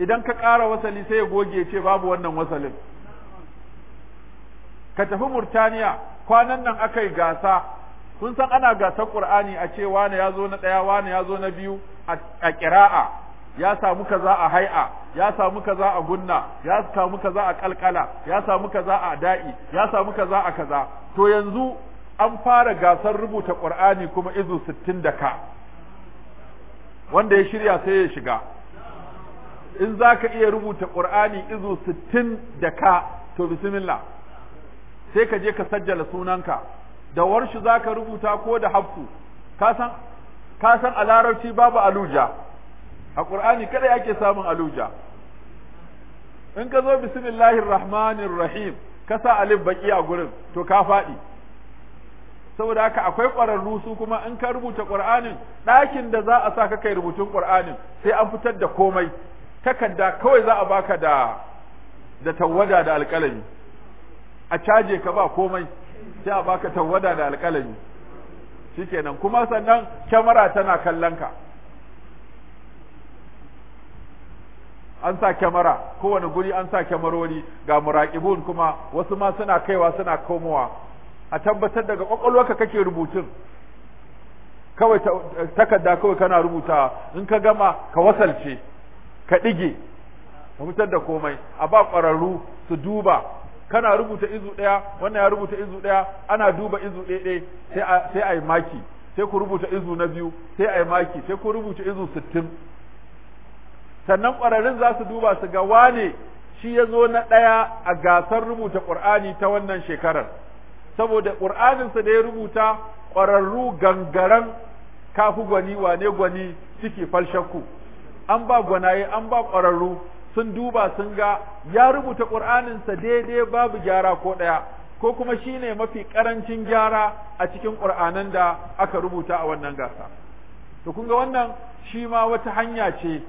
idan ka ƙara wasali sai ya goge ce babu wannan wasalin ka tafi murtaniya kwanan nan aka yi gasa kun san ana gasar ƙur'ani a ce wane ya zo na ɗaya wane ya zo na biyu a ƙira'a ya samu kaza a hai'a ya samu kaza a gunna ya samu kaza a kalkala ya samu kaza a da'i ya samu kaza a kaza to yanzu an fara gasar rubuta qur'ani kuma izu 60 da wanda ya shirya sai ya shiga in zaka iya rubuta qur'ani izu 60 da ka to bismillah sai ka je ka sajjala sunanka da warshi zaka rubuta ko da hafsu ka san ka san a babu aluja a qur'ani kada ake samun aluja in ka zo bismillahir rahmanir rahim ka sa alif baki a gurin to ka faɗi saboda haka akwai ƙwararru su kuma in ka rubuta ƙur'anin ɗakin da za a sa ka kai rubutun ƙur'anin sai an fitar da komai takarda kawai za a baka da da tawada da alƙalami a caje ka ba komai sai a baka tawada da alƙalami shikenan kuma sannan kyamara tana kallon ka an sa kyamara kowane guri an sa kyamarori ga muraƙibun kuma wasu ma suna kaiwa suna komowa a tabbatar daga ka kake rubutun kawai takarda kawai kana rubuta in ka gama ka wasalce ka ɗige, ka fitar da komai a ba ƙwararru su duba kana rubuta izu ɗaya wannan ya rubuta izu ɗaya ana duba izu ɗaya sai a yi maki sai ku rubuta izu na biyu sai a yi maki sai ku rubuta izu sittin sannan ƙwararrun za su duba su ga wane shi ya zo na ɗaya a gasar rubuta ƙur'ani ta wannan shekarar saboda ƙur'aninsa da ya rubuta ƙwararru gangaren kafu gwani wane gwani ciki falshakku an ba gwanaye an ba ƙwararru sun duba sun ga ya rubuta ƙur'aninsa daidai babu gyara ko ɗaya ko kuma shi ne mafi ƙarancin gyara a cikin ƙur'anan da aka rubuta a wannan gasa to kun ga wannan shi ma wata hanya ce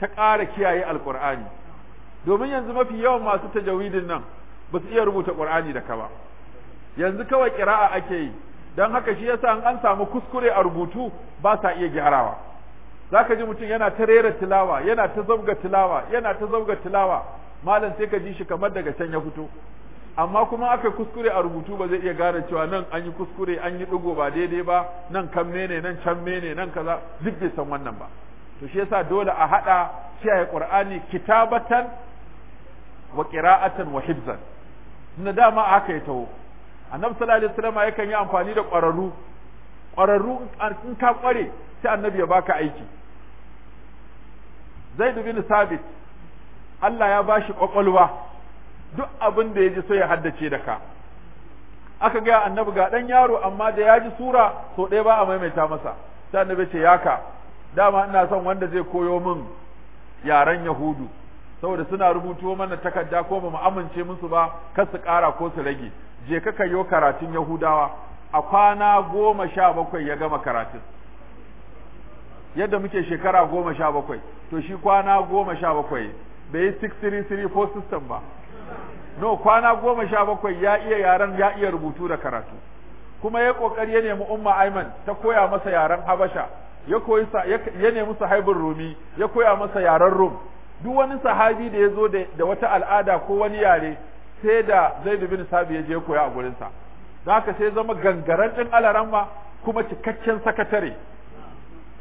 ta ƙara kiyaye alƙur'ani domin yanzu mafi yawan masu tajawidin nan ba su iya rubuta ƙur'ani da ka ba yanzu kawai kira'a ake yi don haka shi yasa in an samu kuskure a rubutu ba sa iya gyarawa za ka ji mutum yana ta rera tilawa yana ta zabga tilawa yana ta zabga tilawa malam sai ka ji shi kamar daga can ya fito amma kuma aka kuskure a rubutu ba zai iya gane cewa nan an yi kuskure an yi ɗigo ba daidai ba nan kan mene nan can ne nan kaza duk bai san wannan ba to shi yasa dole a hada kiyaye qur'ani kitabatan wa qira'atan wa hifzan tunda dama aka yi taho annabi sallallahu alaihi wasallam yakan yi amfani da kwararru. ƙwararru in ka kware sai annabi ya baka aiki zaid bin sabit Allah ya bashi kwakwalwa duk abin da ya ji so ya haddace da ka aka ga annabi ga dan yaro amma da yaji sura so ɗaya ba a maimaita masa sai annabi ya ce yaka dama ina son wanda zai koyo min yaren yahudu saboda suna rubuto mana takarda ko ba mu amince musu ba kar su kara ko su rage je ka kayo karatun yahudawa a kwana goma sha bakwai ya gama karatun yadda muke shekara goma sha bakwai to shi kwana goma sha bakwai bai yi 6334 system ba no kwana goma sha bakwai ya iya yaren ya iya rubutu da karatu kuma ya kokari ya nemi umma aiman ta koya masa yaren habasha ya koyi ya nemi sahibin rumi ya koya masa yaren rum duk wani sahabi da ya zo da wata al'ada ko wani yare sai da zaid bin sabi ya je koya a gurin sa zaka sai zama gangaran ɗin alaramma kuma cikakken sakatare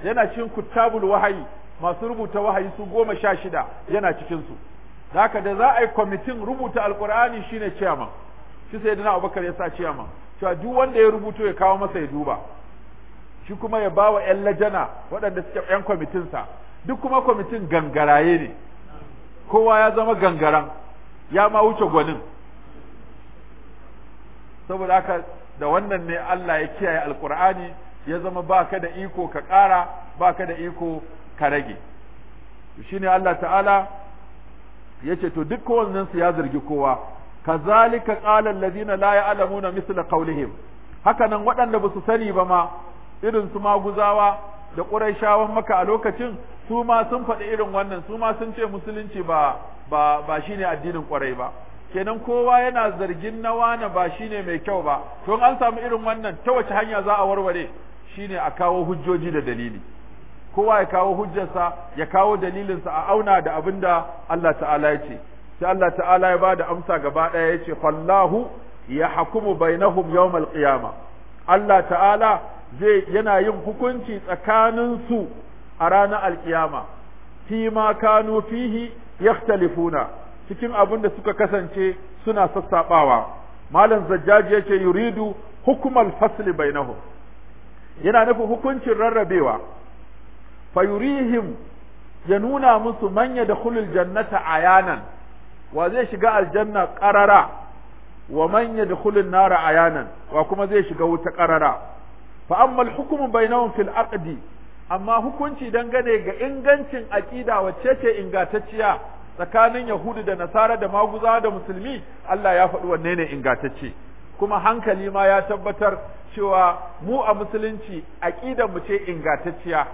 yana cikin kutabul wahayi masu rubuta wahayi su goma sha shida yana cikin su zaka da za a yi kwamitin rubuta alkur'ani shine ciyaman shi sai dana abubakar ya sa ciyaman cewa duk wanda ya rubuto ya kawo masa ya duba shi kuma ya ba wa yan lajana waɗanda suke yan kwamitinsa duk kuma kwamitin gangaraye ne kowa ya zama gangaran ya ma wuce gwanin saboda haka da wannan ne Allah ya kiyaye alkur'ani ya zama ba ka da iko ka ƙara ba ka da iko ka rage ne Allah ta'ala ya ce to duk kowannen ya zargi kowa zalika qala lazina la alamuna misla qawlihim haka nan waɗanda ba su sani ba ma irin su maguzawa da ƙurayshawan maka a lokacin su ma sun faɗi irin wannan su ma sun ce musulunci ba ba ba shine addinin ƙwarai ba kenan kowa yana zargin na wani ba shine mai kyau ba don an samu irin wannan ta wace hanya za a warware shine a kawo hujjoji da dalili kowa ya kawo hujjarsa ya kawo dalilinsa a auna da abin da Allah ta'ala ya ce sai Allah ta'ala ya bada amsa gaba daya ya ce fallahu ya hakumu bainahum yawmal qiyama Allah ta'ala zai yana yin hukunci tsakanin su a ranar alkiyama fi ma kanu fihi yakhtalifuna cikin abin da suka kasance suna sassabawa malam zajjaji yace yuridu al fasl bainahum yana nufin hukuncin rarrabewa fayurihim ya nuna musu manya da hulul jannata ayanan wa zai shiga aljanna qarara wa manya da hulun nara ayanan wa kuma zai shiga wuta qarara fa al-hukm bainahum fil aqdi amma hukunci dangane ga ingancin aqida wacce ce ingantacciya tsakanin yahudu da nasara da maguza da musulmi Allah ya faɗi wanne ne ingantacce kuma hankali ma ya tabbatar cewa mu a musulunci aqidar mu ce ingatacciya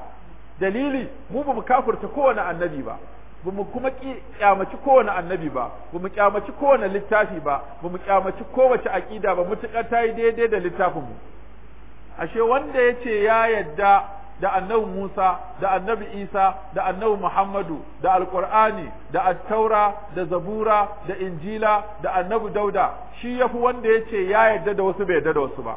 dalili mu bamu kafirta kowane annabi ba bamu kuma kyamaci kowane annabi ba bamu kyamaci kowane littafi ba bamu kyamaci kowace aqida ba mutukar tayi daidai da littafin mu ashe wanda yace ya yadda da annabi Musa da annabi Isa da annabi Muhammadu da alqur'ani da attaura da zabura da injila da annabi Dauda shi yafi wanda yace ya yadda da wasu bai yadda da wasu ba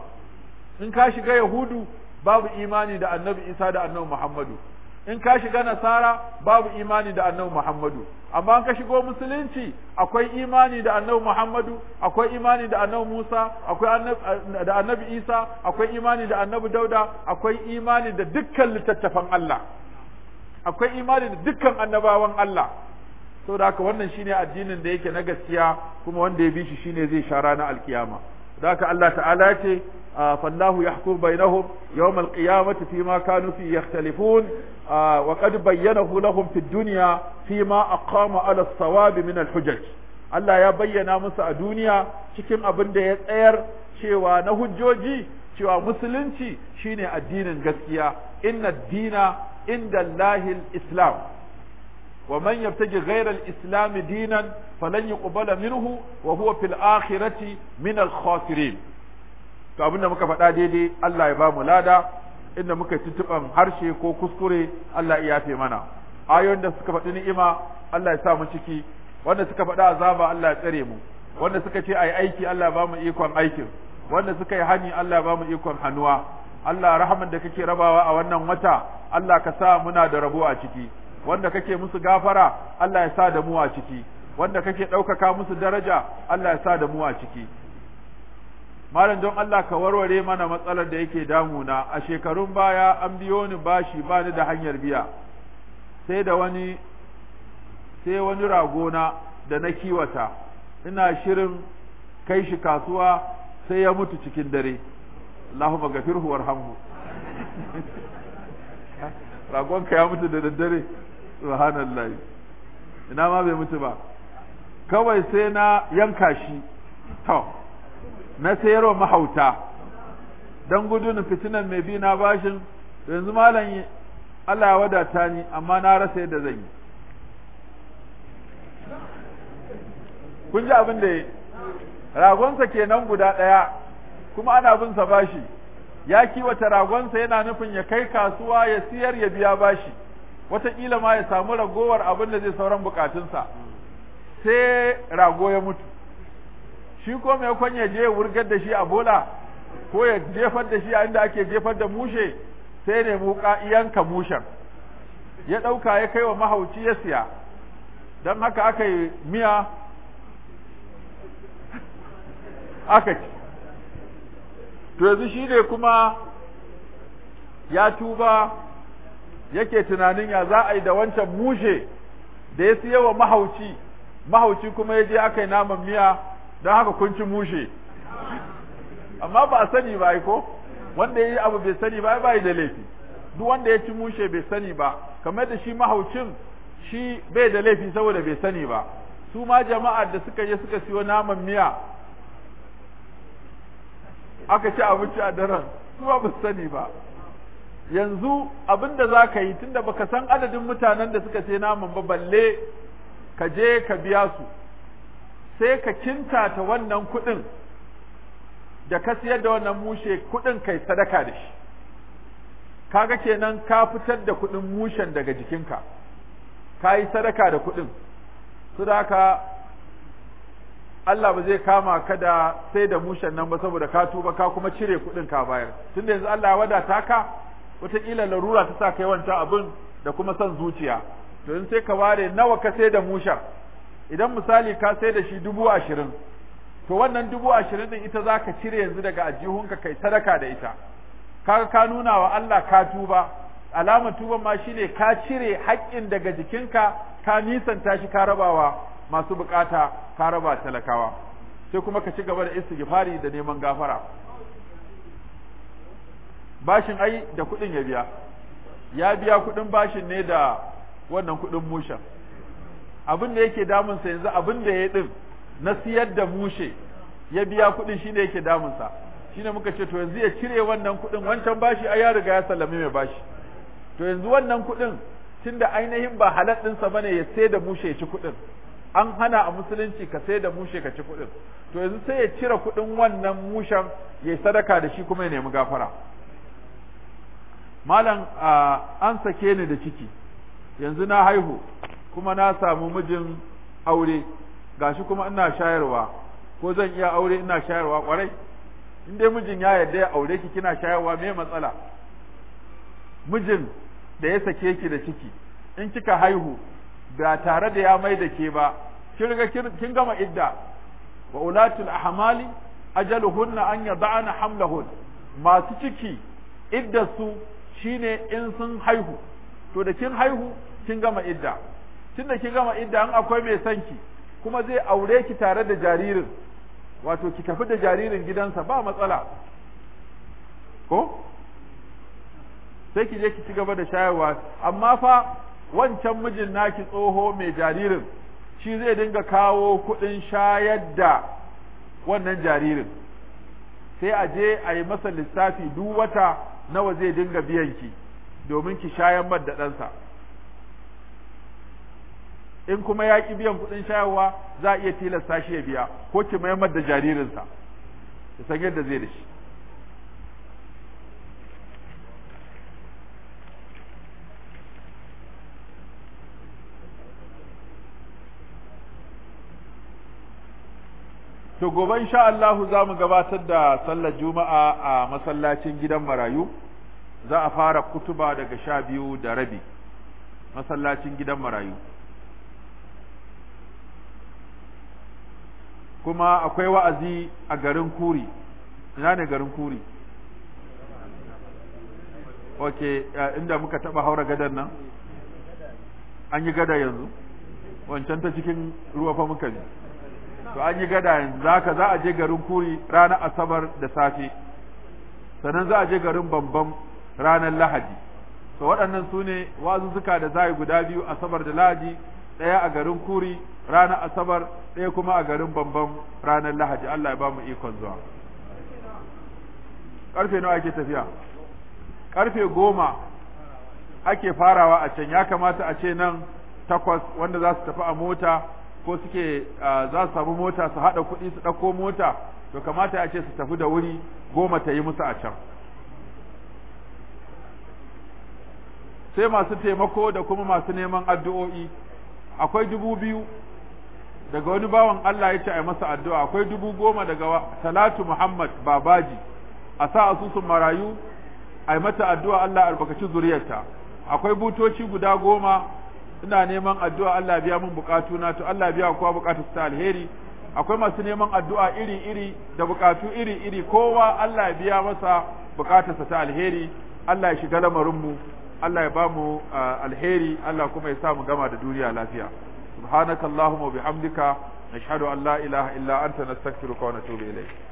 in ka shiga yahudu babu imani da annabi Isa da annabi Muhammadu in ka shiga nasara babu imani da annabi Muhammadu amma in ka shigo musulunci akwai imani da annabi Muhammadu akwai imani da annabi Musa akwai eh, da annabi Isa akwai imani da annabi Dauda akwai imani da dukkan littattafan Allah akwai imani da dukkan annabawan Allah saboda haka wannan shine addinin da yake na gaskiya kuma wanda ya bi shi shine zai shara na alkiyama da haka Allah ta'ala ce فالله يحكم بينهم يوم القيامة فيما كانوا فيه يختلفون wa bayyana bayyanahu lahum fid dunya fima aqama ala as-sawab min al Allah ya bayyana musu a duniya cikin abin da ya tsayar cewa na hujjoji cewa musulunci shine addinin gaskiya inna dina inda lahil islam wa man yabtaji ghayra islam dinan falan yuqbala minhu wa huwa fil akhirati min al-khasirin to da muka faɗa daidai Allah ya ba mu lada inda muka tutuban harshe ko kuskure Allah ya yafe mana ayoyin da suka faɗi ni'ima Allah ya sa mu ciki wanda suka faɗi azaba Allah ya tsare mu wanda suka ce ai aiki Allah ba mu ikon aikin wanda suka yi hani Allah ba mu ikon hannuwa Allah rahaman da kake rabawa a wannan wata Allah ka sa muna da rabo a ciki wanda kake musu gafara Allah ya sa da mu a ciki wanda kake ɗaukaka musu daraja Allah ya sa da mu a ciki malam don Allah ka warware mana matsalar da yake damuna a shekarun baya an biyo ni bashi ba ni da hanyar biya sai da wani sai wani ragona da na kiwata ina shirin kai shi kasuwa sai ya mutu cikin dare Allahumma gafirhu warhamhu ka ya mutu da daddare subhanallahi ina ma bai mutu ba kawai sai na yanka shi to na sayarwa mahauta don gudun fitinan mai bi na bashin yanzu malam Allah ya wadata ni amma na rasa yadda zan yi kun ji abin da ya ragonsa kenan guda ɗaya kuma ana bin sa bashi ya kiwata ragonsa yana nufin ya kai kasuwa ya siyar ya biya bashi wataƙila ma ya samu ragowar abin da zai sauran bukatunsa sai rago ya mutu shi ko mai kwan ya je wurgar da shi a bola ko ya jefar da shi a inda ake jefar da mushe sai ne muka iyanka mushen ya ɗauka ya kai wa mahauci ya siya don haka aka yi miya aka ci to yanzu shi ne kuma ya tuba yake tunanin ya za a yi da wancan mushe da ya siya wa mahauci mahauci kuma ya je aka yi naman miya don haka kun ci mushe amma ba a sani ba ko wanda ya yi abu bai sani ba ba da laifi duk wanda ya ci mushe bai sani ba kamar da shi mahaucin shi bai da laifi saboda bai sani ba su ma jama'ar da suka yi suka siyo naman miya aka ci abinci a daren su ba bai sani ba yanzu abin da za ka yi tunda baka san adadin mutanen da suka sai naman ba balle ka je ka biya su sai ka ta wannan kuɗin da ka siyar da wannan mushe kuɗin kai sadaka da shi kaga kenan ka fitar da kuɗin mushen daga jikinka ka yi sadaka da kuɗin su da haka Allah ba zai kama ka da sai da mushen nan ba saboda ka tuba ka kuma cire kuɗin ka bayar tunda yanzu Allah ya wadata ka wataƙila larura ta sa kai wancan abin da kuma son zuciya to in sai ka ware nawa ka sai da mushen idan misali ka sai da shi dubu ashirin to wannan dubu ashirin din ita za ka cire yanzu daga ajihunka kai sadaka da ita kaga ka nuna wa Allah ka tuba alamar tuban ma shine ka cire haƙƙin daga jikinka ka nisanta shi ka rabawa masu bukata ka raba talakawa sai kuma ka ci gaba da istighfari da neman gafara bashin ai da kuɗin ya biya ya biya kuɗin bashin ne da wannan kuɗin mushan abin da yake damunsa yanzu abin da ya din na siyar da mushe ya biya kuɗin shi ne yake damunsa shine muka ce to yanzu ya cire wannan kuɗin wancan bashi ai ya riga ya sallame mai bashi to yanzu wannan kuɗin tunda ainihin ba halal ɗinsa bane ya sai da mushe ya ci kuɗin an hana a musulunci ka sai da mushe ka ci kuɗin to yanzu sai ya cire kuɗin wannan mushen ya sadaka da shi kuma ya nemi gafara malam ah, an sake ni da ciki yanzu na haihu kuma na samu mijin aure gashi kuma ina shayarwa ko zan iya aure ina shayarwa kwarai in dai mijin ya yarda ya aure ki kina shayarwa me matsala mijin da ya sake ki da ciki in kika haihu ba tare da ya mai da ke ba kin riga kin gama idda wa ulatul ahmali ajaluhunna an yad'ana hamlahun masu ciki iddasu su shine in sun haihu to da kin haihu kin gama idda tunda ki gama idda an akwai mai son ki kuma zai aure ki tare da jaririn wato ki tafi da jaririn gidansa ba matsala ko sai ki je ki ci gaba da shayarwa amma fa wancan mijin naki tsoho mai jaririn shi zai dinga kawo kuɗin shayar da wannan jaririn sai a je a yi masa lissafi duk wata nawa zai dinga biyan ki domin ki shayar da ɗansa in kuma ya ki biyan kuɗin shayarwa za a iya tilasta shi ya biya ko ki mayar da jaririnsa ya san yadda zai da shi to gobe insha Allah za mu gabatar da sallar juma'a a masallacin gidan marayu za a fara kutuba daga sha biyu da rabi masallacin gidan marayu kuma akwai wa'azi a garin kuri ina ne garin kuri ok inda muka taba haura gadar nan an yi gada yanzu wancan ta cikin ruwa fa muka ne to an yi gada yanzu za ka za a je garin kuri ranar asabar da safe sannan za a je garin bambam ranar lahadi to waɗannan su ne wazuzzuka da za yi guda biyu asabar da lahadi ɗaya a garin kuri ranar asabar ɗaya kuma a garin bambam ranar Lahadi, Allah ya ba mu ikon zuwa Karfe nawa ake tafiya ƙarfe goma ake farawa a can ya kamata a ce nan takwas wanda za su tafi a mota ko suke za su samu mota su haɗa kuɗi su ɗauko mota to kamata a ce su tafi da wuri goma ta yi musu a can sai masu taimako da kuma masu neman addu'o'i akwai dubu biyu daga wani bawan Allah ya ce a masa addu'a akwai dubu goma daga Talatu Muhammad Babaji a sa asusun marayu ai mata addu'a Allah albarkaci zuriyarta akwai butoci guda goma ina neman addu'a Allah biya mun bukatu na to Allah biya kowa bukatu ta alheri akwai masu neman addu'a iri-iri da bukatu iri-iri kowa Allah biya masa bukatarsa ta alheri Allah ya shiga lamarin mu. Allah ya ba mu alheri Allah kuma ya sa mu gama da duniya lafiya subhanakallahumma wa bihamdika nashhadu an la ilaha illa anta nastaghfiruka wa natubu ilayk